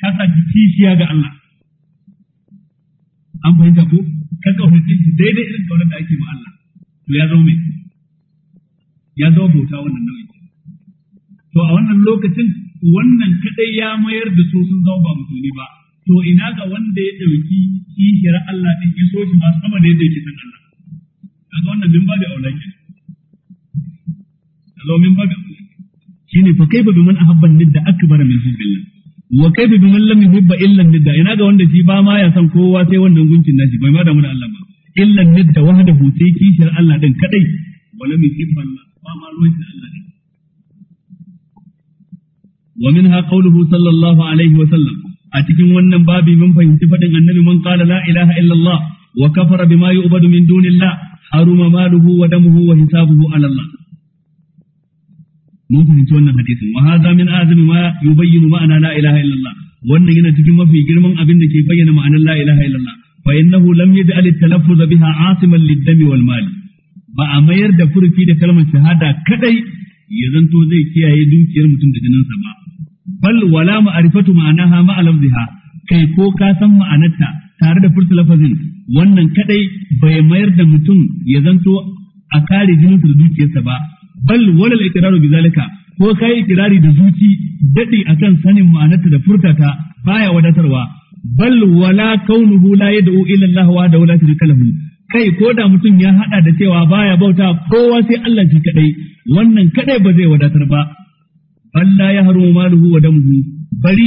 ka sa kishiya ga Allah an fahimta ko ka kaunace shi daidai irin kaunar da ake ma Allah to ya zo me ya zo bauta wannan nau'in to a wannan lokacin wannan kadai ya mayar da su sun zama ba musulmi ba to ina ga wanda ya dauki kishiyar Allah din ya so shi ba sama da ya dauki san Allah kaga wannan bin ba da aulaki Allah min ba da shine fa kaifa bi man ahabba nidda akbar min hubbillah wa kaifa bi man lam yuhibba illa nidda ina ga wanda shi ba ma ya san kowa sai wannan guncin nashi bai ma da mun Allah ba illa nidda wahdahu sai kishiyar Allah din kadai wala min hubbillah ba ma ruwan Allah wa minha qawluhu sallallahu alaihi wa sallam a cikin wannan babi mun fahimci fadin annabi man qala la illallah wa kafara bima yu'badu min dunillah haruma maluhu wa damuhu wa hisabuhu ala mun fahimci wannan hadisin wa hadha min azmi ma yubayyinu ma'ana la illallah wannan yana cikin mafi girman abin da ke bayyana ma'anar la ilaha illallah fa innahu lam yaj'al at ba a mayar da furfi da kalmar shahada kadai ya zanto zai kiyaye dukiyar mutum da jininsa ba bal wala ma'rifatu ma'anaha ma'a lafziha kai ko ka san ma'anarta tare da furta lafazin wannan kadai bai mayar da mutum ya zanto a kare jinin da zuciyarsa ba bal wala al-iqraru bi ko kai ikrari da zuci dadi akan sanin ma'anarta da furtata baya wadatarwa bal wala kaunuhu la yad'u ila Allah wa dawla tilkalahu kai ko da mutum ya hada da cewa baya bauta kowa sai Allah shi kadai wannan kadai ba zai wadatar ba Allah ya haramu maluhu wa damuhu bari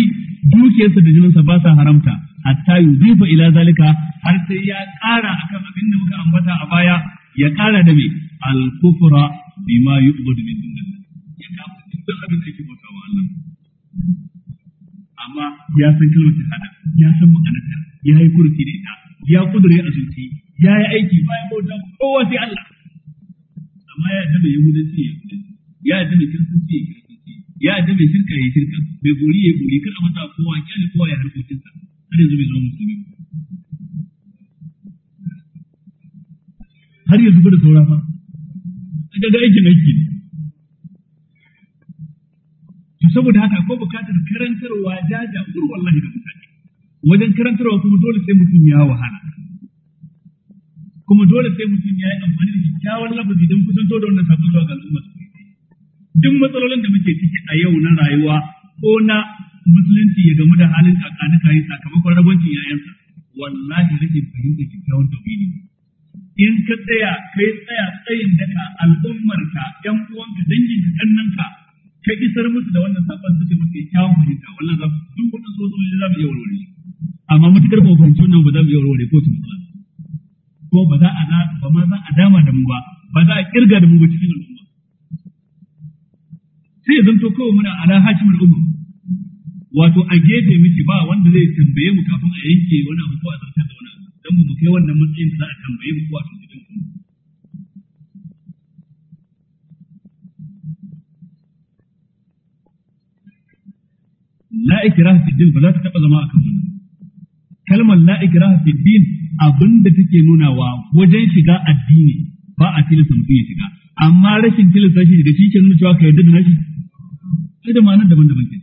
dukiyarsa da jininsa ba sa haramta hatta yuzifa ila zalika har sai ya ƙara akan abin da muka ambata a baya ya ƙara da me al-kufra bima yu'budu min dunillah ya kafa duk abin da yake bautawa Allah amma ya san kalmar shahada ya san ma'anarta ya yi kurfi da ita ya kudure a zuci ya yi aiki bayan bauta kowa sai Allah amma ya yadda mai yahudanci ya yahudanci ya yadda mai kiristanci ya kiristanci ya yadda mai shirka ya yi shirka mai gori ya yi kada mata kowa kyale kowa ya harkokinsa har yanzu bai zama musulmi har yanzu bada da ma a ga aikin aiki ne to saboda haka akwai bukatar karantarwa jaja ur wallahi da mutane wajen karantarwa kuma dole sai mutum ya wahala kuma dole sai mutum ya yi amfani da kyakkyawan lafazi don kusanto da wannan sabon zuwa ga al'umma duk matsalolin da muke ciki a yau na rayuwa ko na musulunci ya gamu da halin tsakanin kayi sakamakon rabancin yayansa wallahi rashin fahimta kyakkyawan tauhidi in ka tsaya kai tsaya tsayin daka al'ummarka yan uwanka ka kannanka ka isar musu da wannan sakon suke muke kyawun fahimta wallahi za su duk wannan sojoji za mu iya warware amma mutukar ba fahimci wannan ba za mu iya warware ko su matsala ko ba za a ba ma za a dama da mu ba ba za a kirga da mu ba cikin al'umma sai ya zanto kawai muna ala hashimul umum wato a gefe miki ba wanda zai tambaye mu kafin a yanke wani abu ko a zartar da wani abu dan mu kai wannan matsayin za a tambaye mu ko a tuntuɓe mu la ikraha fi din ba za ta taba zama a kan wannan kalmar la ikraha fi din da take nunawa wajen shiga addini ba a tilasta mutum ya shiga amma rashin tilasta shi da shi ke nuna cewa ka yarda da nashi sai da ma'anar daban-daban ke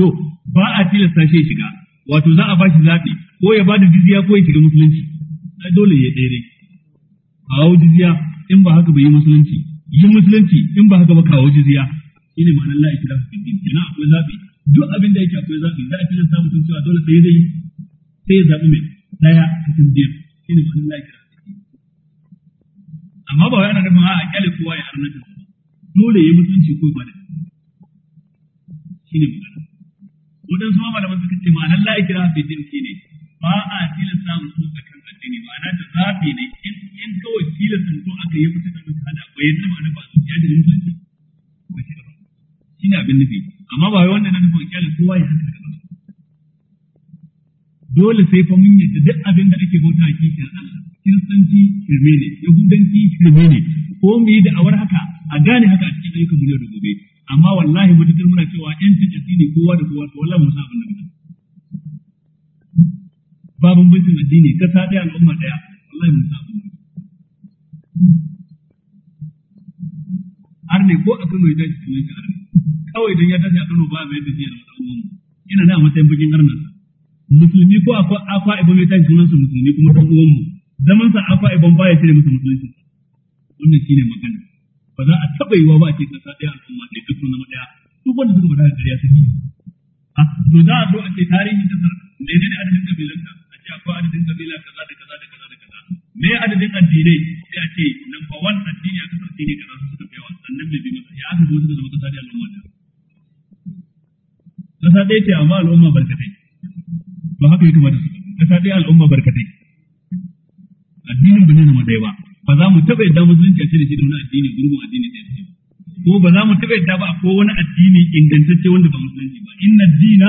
to ba a tilasta shi shiga wato za a ba shi zaɓi ko ya ba da jizya ko ya shiga musulunci ai dole ya ɗaya kawo jizya in ba haka bai yi musulunci yi musulunci in ba haka ba kawo jizya shi ne ma'anar la'i kira su kenan akwai zaɓi duk abin da yake akwai zaɓi za a tilasta mutum cewa dole sai zai sai ya zaɓi mai ɗaya cikin biyar shi ne ma'anar la'i amma ba wai ana nufin a kyale kowa ya harnata dole ya yi ko ba da shine magana wadan su malaman suka ce ma'anar la kira fi din shine ba a tilasta mutum akan addini ma'ana da zafi ne in in kawai tilasta mutum aka yi mutum da mutum hada bai yadda ma'ana ba zuciya da mutunci ba shi ba shine abin nufi amma ba wai wannan na nufin kyalin kowa ya haka ba dole sai fa mun yadda duk abin da ake bauta a kishin Allah kiristanci shirme ne yahudanci shirme ne ko mu yi da'awar haka a gane haka a cikin ayyukan mu yau da gobe amma wallahi mutukar muna cewa yan takasi ne kowa da kowa to wallahi mun san abin da muke babun bincin addini sa ɗaya al'umma ɗaya wallahi mun san abin da arne ko a kano idan tashi sunan shi arne kawai don ya tashi a kano ba a bayar da shi da wata uwan ina da matsayin bakin arna. musulmi ko afa ibon ya tashi sunan su musulmi kuma ta uwan mu zaman sa kwa ibon baya cire musu musulunci wannan shine magana ba za a taɓa yiwa ba a ce kasa ɗaya al'umma ɗaya duk sun zama ɗaya duk wanda suka faɗa ƙarya suke a to za a zo a ce tarihin ne ne adadin ƙabilanta a ce akwai adadin kabila kaza da kaza da kaza da kaza me adadin addinai sai a ce number one addini a kasar shine kaza su suka yawa sannan bai bi masa ya aka zo suka zama kasa ɗaya al'umma ɗaya kasa ɗaya ce amma al'umma barkatai ba haka ya kamata su kasa ɗaya al'umma barkatai addinin ba ne zama ɗaya ba ba za mu taɓa yadda musulunci a cire shi da wani addini gurbin addini da yake ko ba za mu taɓa yadda ba ko wani addini ingantacce wanda ba musulunci ba inna dina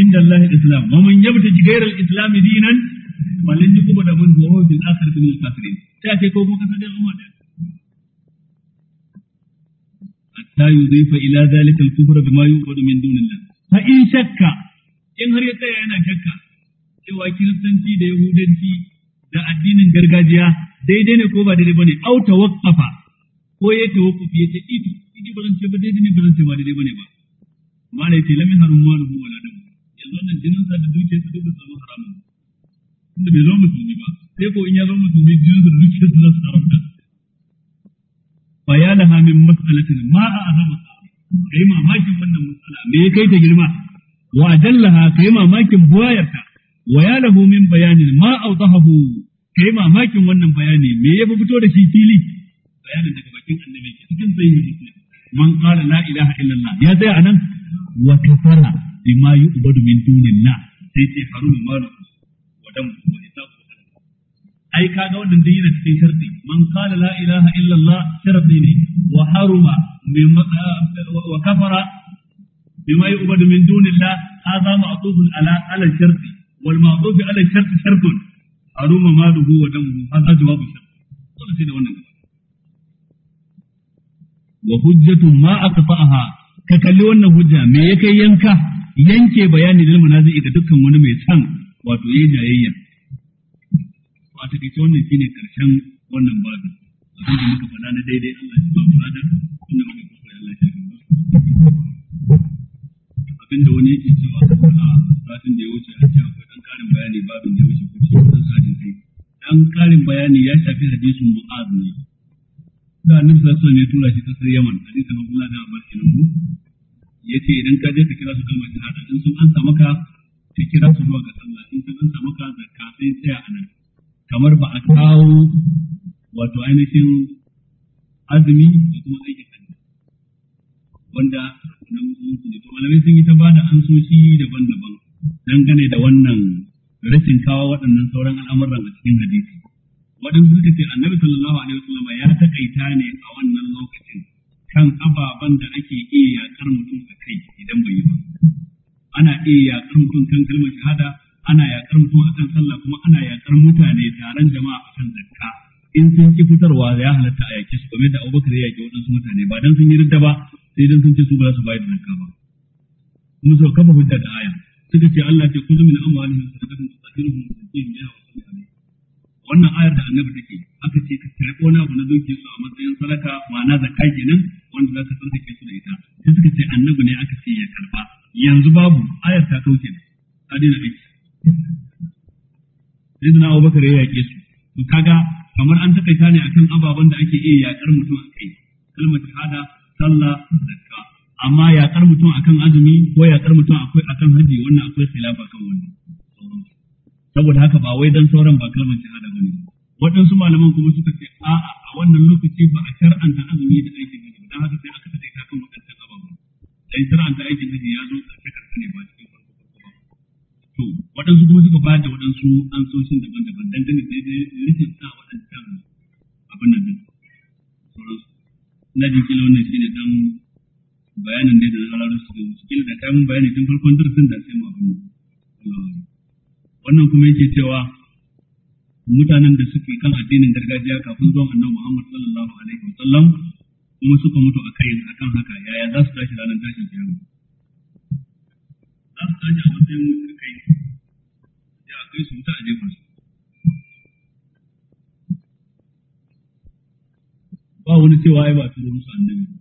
inda Allah islam wa man yabtaji ghayra al-islam dinan falan yuqba da man huwa bil akhirati min al-kafirin sai ake ko ko kasar da al'umma da hatta yudhifa ila dhalika al-kufra bima yuqadu min dunillah fa in shakka in har ya tsaya yana shakka cewa kiristanci da yahudanci da addinin gargajiya daidai ne ko ba daidai bane au tawaqqafa ko ya tawaqqufi ya ce ito idi ba zan ce ba daidai ne ba zan ce ba daidai bane ba mala yace lam yahrum maluhu wala damu yanzu nan jinin sa da dukiyar sa duk zama haramun tunda bai zo mutumi ba sai ko in ya zo mutumi jinin sa da dukiyar sa da su ya bayanaha min mas'alatin ma a azama kai mamakin wannan mas'ala me ya kai ta girma wa Jallaha kai mamakin buwayarta wa ya lahu min bayanin ma awdahahu kai mamakin wannan bayani me ya fito da shi fili bayanin daga bakin annabi cikin sayyid muslim man qala la ilaha illallah ya tsaya anan wa kafara bima yu'badu min dunillah sai ce harun malu wa dam wa isaku ai kaga wannan dai yana cikin sharti man qala la ilaha illallah sharti ne wa haruma wa kafara بما يؤبد من دون الله Ala معطوف على على الشرط والمعطوف على الشرط شرط ma dubu wa damuhu hadha jawabu shar dole sai da wannan gaba wa hujjatu ma akfa'aha ka kalli wannan hujja me ya kai yanka yanke bayani na zai ga dukkan wani mai san wato yayi jayayya wato takaice wannan shine karshen wannan babu abin da muka faɗa na daidai Allah ya ba mu lada inda muka kuskure Allah ya abin da wani yake cewa a satin da ya wuce a cewa karin bayani babin da wuce ko cikin hadin zai dan karin bayani ya shafi hadisin mu'az ne da annabi sallallahu alaihi wasallam ya tura shi kasar Yaman hadisin Abdullah da Abbas kenan ko yace idan ka je ka kira su kalmar shahada in sun ansa maka ka kira su zuwa ga sallah in sun ansa maka zakka sai tsaya anan kamar ba a kawo wato ainihin azumi da kuma aikin hajji wanda na musulunci ne to malamai sun yi ta bada ansoshi daban-daban dangane da wannan rashin kawo waɗannan sauran al'amuran a cikin hadisi waɗansu suka ce annabi sallallahu alaihi wasallam ya takaita ne a wannan lokacin kan ababen da ake iya yakar mutum a kai idan bai yi ba ana iya yakar mutum kan kalmar shahada ana yakar mutum kan sallah kuma ana yakar mutane taron jama'a a kan zakka in sun ki fitarwa ya halatta a yake su kamar da Abubakar ya yake waɗansu mutane ba dan sun yi ridda ba sai dan sun ce su ba za su bayar da zakka ba kuma so kafa hujja da aya suka ce Allah ce kullu min amwalihim sadaqatun tutahiruhum wa tuzakkihim biha wa wannan ayar da annabi take aka ce ka tare kona abu na doke su a matsayin sadaka ma'ana zakka kenan wanda za ka tsarkake su da ita sai suka ce annabi ne aka ce ya karba yanzu babu ayar ta kauce ne ta daina aiki sai da na bakar ya yaƙe su to kaga kamar an taƙaita ne akan ababen da ake iya yaƙar mutum a kai kalmar shahada sallah zakka amma yaƙar mutum akan azumi ko yaƙar mutum akwai akan haji wannan akwai khilafa kan wannan saboda haka ba wai dan sauran ba kalmar shahada bane waɗansu malaman kuma suka ce a'a a wannan lokaci ba a shar'anta azumi da aikin haji ba dan haka sai aka taƙaita kan waɗannan ababen dan shar'anta aikin haji ya zo ƙarshe ƙarshe ne ba cikin ba to waɗansu kuma suka bayar da waɗansu ansoshin daban-daban dan da rikin sa waɗancan abin nan din na jin kila wannan shi ne dan bayanin da na rarrabu su cikin da kayan bayani tun farkon darasin da sai mu abin wannan kuma yake cewa mutanen da suke kan addinin gargajiya kafin zuwan annabi Muhammad sallallahu alaihi wasallam kuma suka mutu a kai akan haka yaya za su tashi ranar tashin kiyama za su tashi a matsayin mutu kai ya kai su wuta a jefa ba wani cewa ai ba turo musu annabi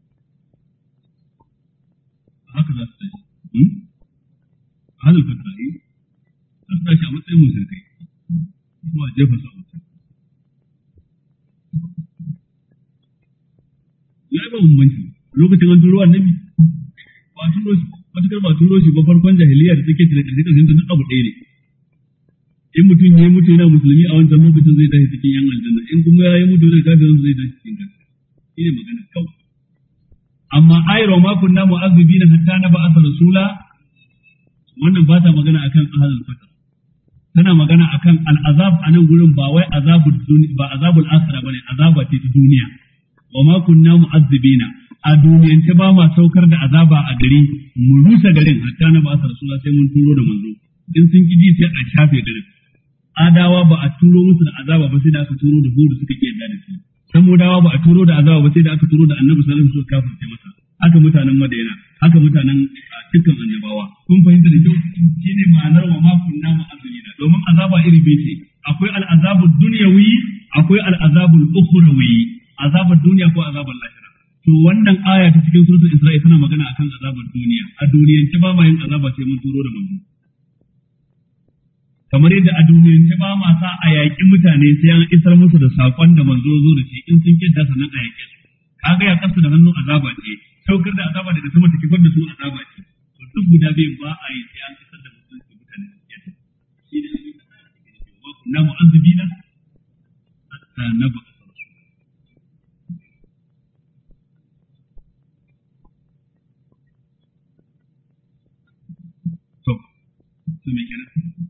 haka za su tashi ahalul fatra eh za su tashi a matsayin musulmai kuma a jefa su a wuta ya yi ba bambanci lokacin an turo annabi ba a turo shi matukar ba a turo shi ba farkon jahiliya da take da karshe karshen ta abu ɗaya ne in mutum ya mutu yana musulmi a wancan lokacin zai tashi cikin yan aljanna in kuma ya yi mutu zai tashi zai tashi cikin kasa. shi ne magana kawai amma ayar wa ma kunna mu'azzibina hatta na ba'atha rasula wannan ba ta magana akan ahlul fatar tana magana akan al'azab a nan gurin ba wai azabul ba azabul akhirah bane azaba ce ta duniya wa ma kunna mu'azzibina a duniyan ta ba ma saukar da azaba a gari mu rusa garin hatta na ba rasula sai mun turo da manzo in sun kiji sai a shafe garin adawa ba a turo musu da azaba ba sai da aka turo da hudu suka ke da shi samudawa ba a turo da azaba ba sai da aka turo da annabi sallallahu alaihi wasallam kafirce masa haka mutanen madaina haka mutanen ah, dukkan annabawa kun fahimta da kyau shine ma'anar wa ma kunna ma'azina domin azaba iri biyu ce akwai al'azabu dunyawi akwai al'azabu ukhrawi azabar duniya ko azabar lahira to wannan aya ta cikin suratul isra'i tana magana akan azabar duniya a duniyance ba ma yin azaba sai mun turo da manzo kamar yadda a ta ba ma sa a yaƙi mutane sai an isar musu da saƙon da manzo zo da shi in sun kinta sanan a yaƙi su kaga ya kasu da hannu azaba ce saukar da azaba daga sama take da su azaba ce to duk guda bai ba a yi sai an isar da musulunci mutane su kidda shi ne abin da ba ku na mu'azzibina hatta na ba to to me kenan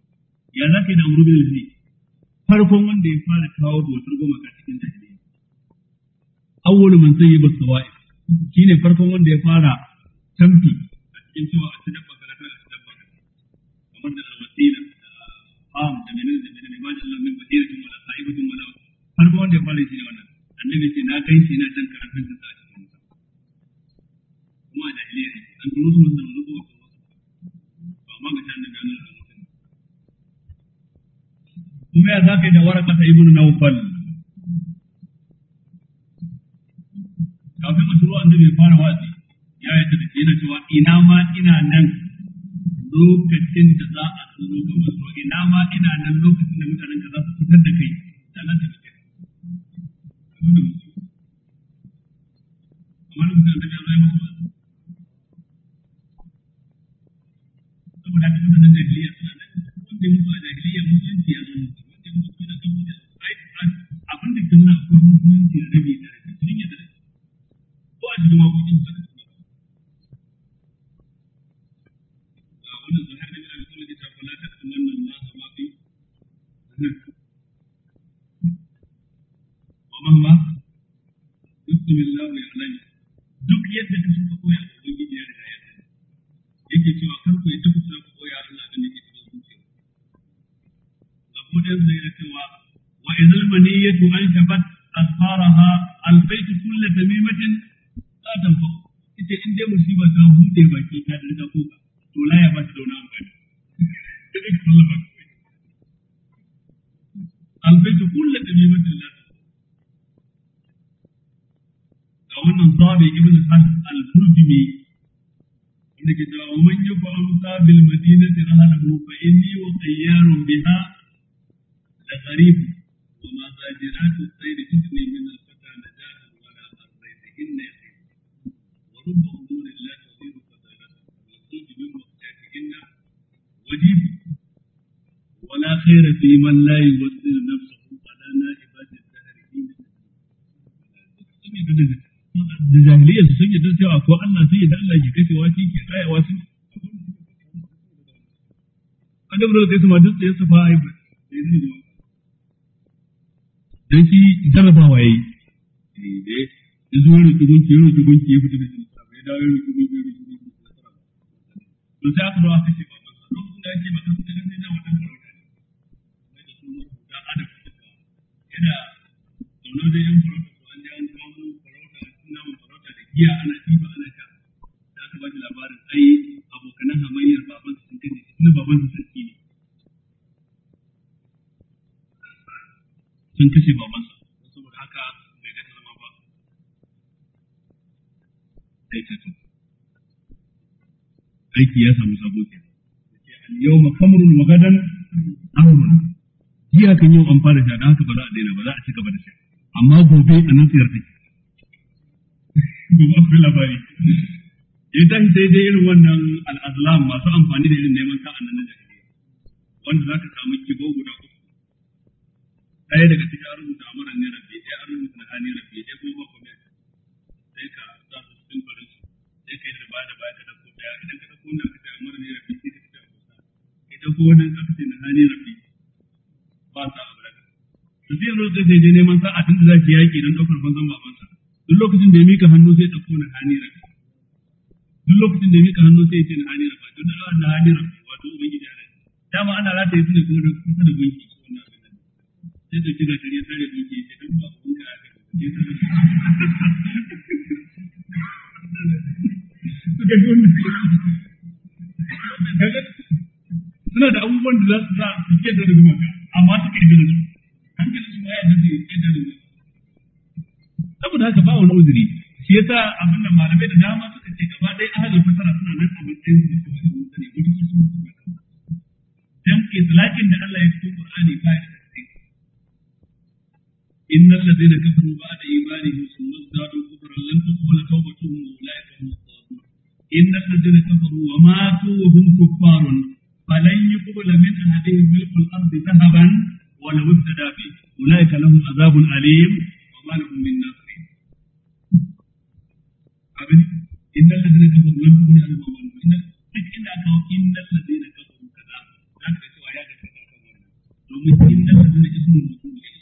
ya za ka yi da amru bin al farkon wanda ya fara kawo bautar gumaka cikin jahiliya awwalu man sayyiba sawa'ib shine farkon wanda ya fara tamfi a cikin cewa a cikin dabba kana a cikin dabba kamar da al-wasila da fam da menene da menene ba da Allah min tun wala sa'ibatin wala farkon wanda ya fara shi ne wannan annabi ce na kai shi na can karatun da أنجبت أسفارها البيت كل تميمة لا تنفق إنت إن دي مصيبة تنفق دي باكي تاد لتقوبة تولا يبات دونا بات البيت كل تميمة لا تنفق لو أن الضابي ابن الحد الفلتمي إنك جاءوا من يفعل تاب المدينة رهنه فإني وطيار بها لغريب وزاجرات الطير تثني خير في من لا يوزن نفسه على نائبات الدهر da jahiliya su sanya don cewa ko Allah sai da Allah ke kashewa shi ke rayawa su annabi da kai su ma duk tsaye su fa ai ba dan shi jarrabawa yayi eh da gunki gunki ya fita da ya dawo gunki gunki to sai aka dawo aka ce ba lokacin da yake da ne da da yana zaune da yan farauta an ji an kawo farauta suna farauta da giya ana tiba ana sha ba shi labarin ai abokanan hamayyar babansa sun kace shi babansa sarki ne sun kashe babansa saboda haka bai ga zama ba sai aiki ya samu sabo ke yau makamurin magadan amurin jiya kan yau an fara sha don haka ba za a daina ba za a ci gaba da sha amma gobe a nan siyar take ba ku labari ya tashi sai dai irin wannan al'azlam masu amfani da irin neman sa'an nan da wanda za ka samu kibo guda ɗaya daga cikin an da amuran ne rabbi ɗaya an da na hannun rabbi ɗaya kuma ba kuma sai ka sa su cikin barin su sai ka yi da ba da baya ka dauko ɗaya idan ka dauko wannan aka amuran ne rabbi sai ka ci a kusa idan ko wannan aka ce na hannun rabbi ba sa a baraka to zai yanzu zai je neman sa'a tun tunda za ki yaƙi don ɗaukar banzan babansa duk lokacin da ya mika hannu sai ɗauko na hannun rabbi duk lokacin da ya mika hannu sai ya ce na hannun rabbi duk da na hannun rabbi wato ubangiji ya rai dama ana rataye su ne kuma kusa da gunki sai da kira kare sare doki ce dan ba abun ka aka ke sare suka ji suna da abubuwan da za su sa su ke da rigima amma suka yi da su hankali su ma ya da su ke da rigima saboda haka ba wani uzuri shi yasa abin da malamai da dama suka ce gaba ɗaya ahalin fasara suna nan a matsayin su da cewa ne mutane mutum su dan itlaqin da Allah ya fito Qur'ani ba ya إن الذين كفروا بعد إيمانهم ثم ازدادوا كفرا لن تقبل توبتهم وأولئك هم الضالون إن الذين كفروا وماتوا وهم كفار فلن يقبل من أحدهم ملك الأرض ذهبا ولو ابتدى به أولئك لهم عذاب أليم وما لهم من ناصرين إن الذين كفروا لن تقبل عنهم أموالهم duk inda aka hau innal ladina kafaru kaza za ka ga cewa ya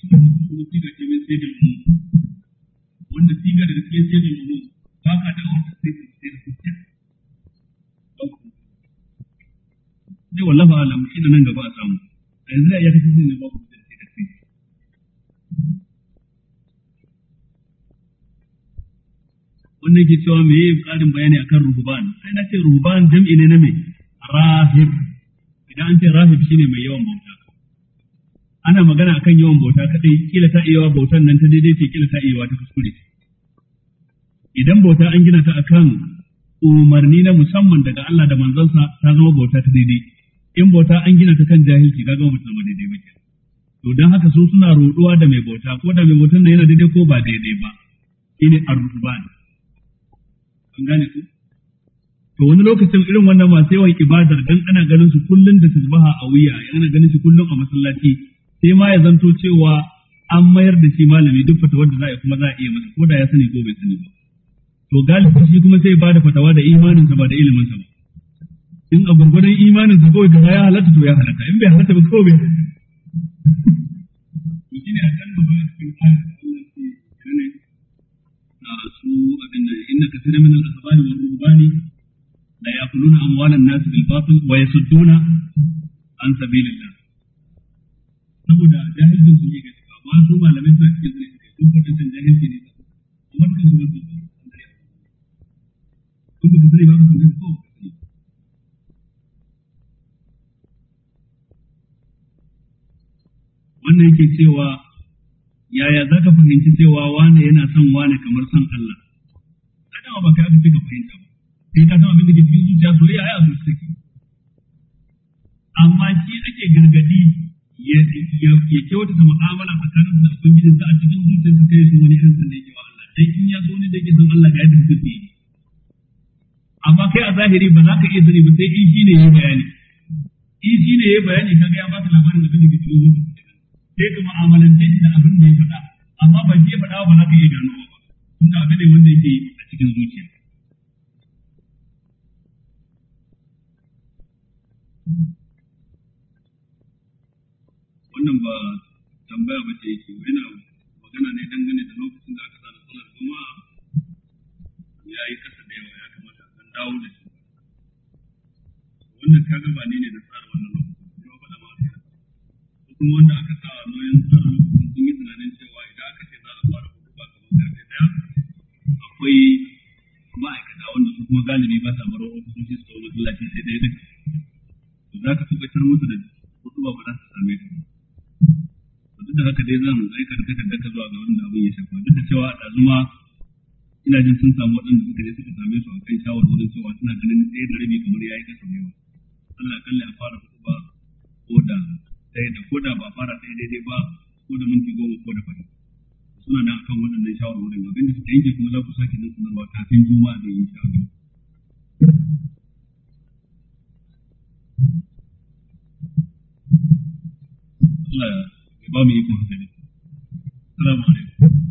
kuma siga ce mai sai da mu wanda da da mu ba ka da wata sai da sai da kuka ne shi nan gaba a samu a yanzu ya sai ba ku sai da sai wannan ke cewa me karin bayani akan ruhban sai na ce ruhban jam'i ne na me rahib idan an ce rahib shine mai yawan bauta ana magana akan yawan bauta kadai kila ta iya bautan nan ta daidai ce kila ta iya ta kuskure idan bauta an gina ta akan umarni na musamman daga Allah da manzansa ta zama bauta ta daidai in bauta an gina ta kan jahilci kaga ba mutum daidai ba ke to dan haka su suna roduwa da mai bauta ko da mai bautan nan yana daidai ko ba daidai ba shine ar an gane ku to wani lokacin irin wannan masu yawan ibadar dan ana ganin su kullun da tasbaha a wuya ana ganin su kullun a masallaci sai ma ya zanto cewa an mayar da shi malami duk fatawar da za a kuma za a iya masa ko da ya sani ko bai sani ba to galibi shi kuma sai ba da fatawa da imaninsa ba da iliminsa ba in a gurgurdan imaninsa kawai kaza ya halatta to ya halatta in bai halatta ba kawai bai halatta to shine a kan gaba cikin ayat Allah ke kane a su abin nan inna kaseera min al-ahbari wa rubbani la yaquluna amwalan nas bil batil wa yasudduna an sabilillah saboda jahilcin su ne gaskiya ba su malamai suna cikin su ne suke sun fata can jahilci ne ba amma kan su wasu ba kun baka sani ba ka sani ko wannan yake cewa yaya za ka fahimci cewa wane yana son wane kamar son Allah kada ba ka aka ce ka fahimta ba sai ka san abin da ke cikin zuciya soyayya ai a zuciya amma shi ake gargadi ya kyautata mu'amala tsakanin da ubangijin sa a cikin zuciyar zuciyarsa kai su wani irin sannan yake wa Allah dan in ya so ne da yake san Allah ga yadda mutum yi amma kai a zahiri ba za ka iya sani ba sai in shi shine yayi bayani in shi shine yayi bayani kaga ya baka labarin abin da ke cikin zuciyarsa sai ka mu'amalance shi da abin da ya faɗa amma ba shi ya faɗa ba za ka iya gano ba tunda abin ne wanda yake a cikin zuciya Thank you. wannan ba tambaya ba ce yake yana magana ne dangane da lokacin da aka sa da salar juma'a ya yi kasa da yawa ya kamata a dawo da shi wannan kaga ba ne ne da tsara wannan lokacin ya faɗa ma ya ko kuma wanda aka sa a noyan tsara lokacin sun yi tunanin cewa idan aka ce za a fara hudu ba kamar karfe daya akwai ma'aikata wanda su kuma galibi ba sa baro ofisoshi su ta masallaci sai dai duk za ka tabbatar musu da hudu ba ba za su same ba duk da haka dai zan aika da takardar zuwa ga wanda abin ya shafa duk da cewa a ɗazuma ina jin sun samu waɗanda suka je suka same su a kan shawarwarin cewa suna ganin ɗaya da rabi kamar ya yi kasa da yawa Allah kalle a fara ba ko da ɗaya da ko da ba fara ɗaya daidai ba ko da minti goma ko da fari suna nan akan waɗannan shawarwarin abin da suka yanke kuma za ku sake nan sanarwa kafin juma'a da yin shawarwari. Allah ba mu ikon haka ne. Assalamu alaikum.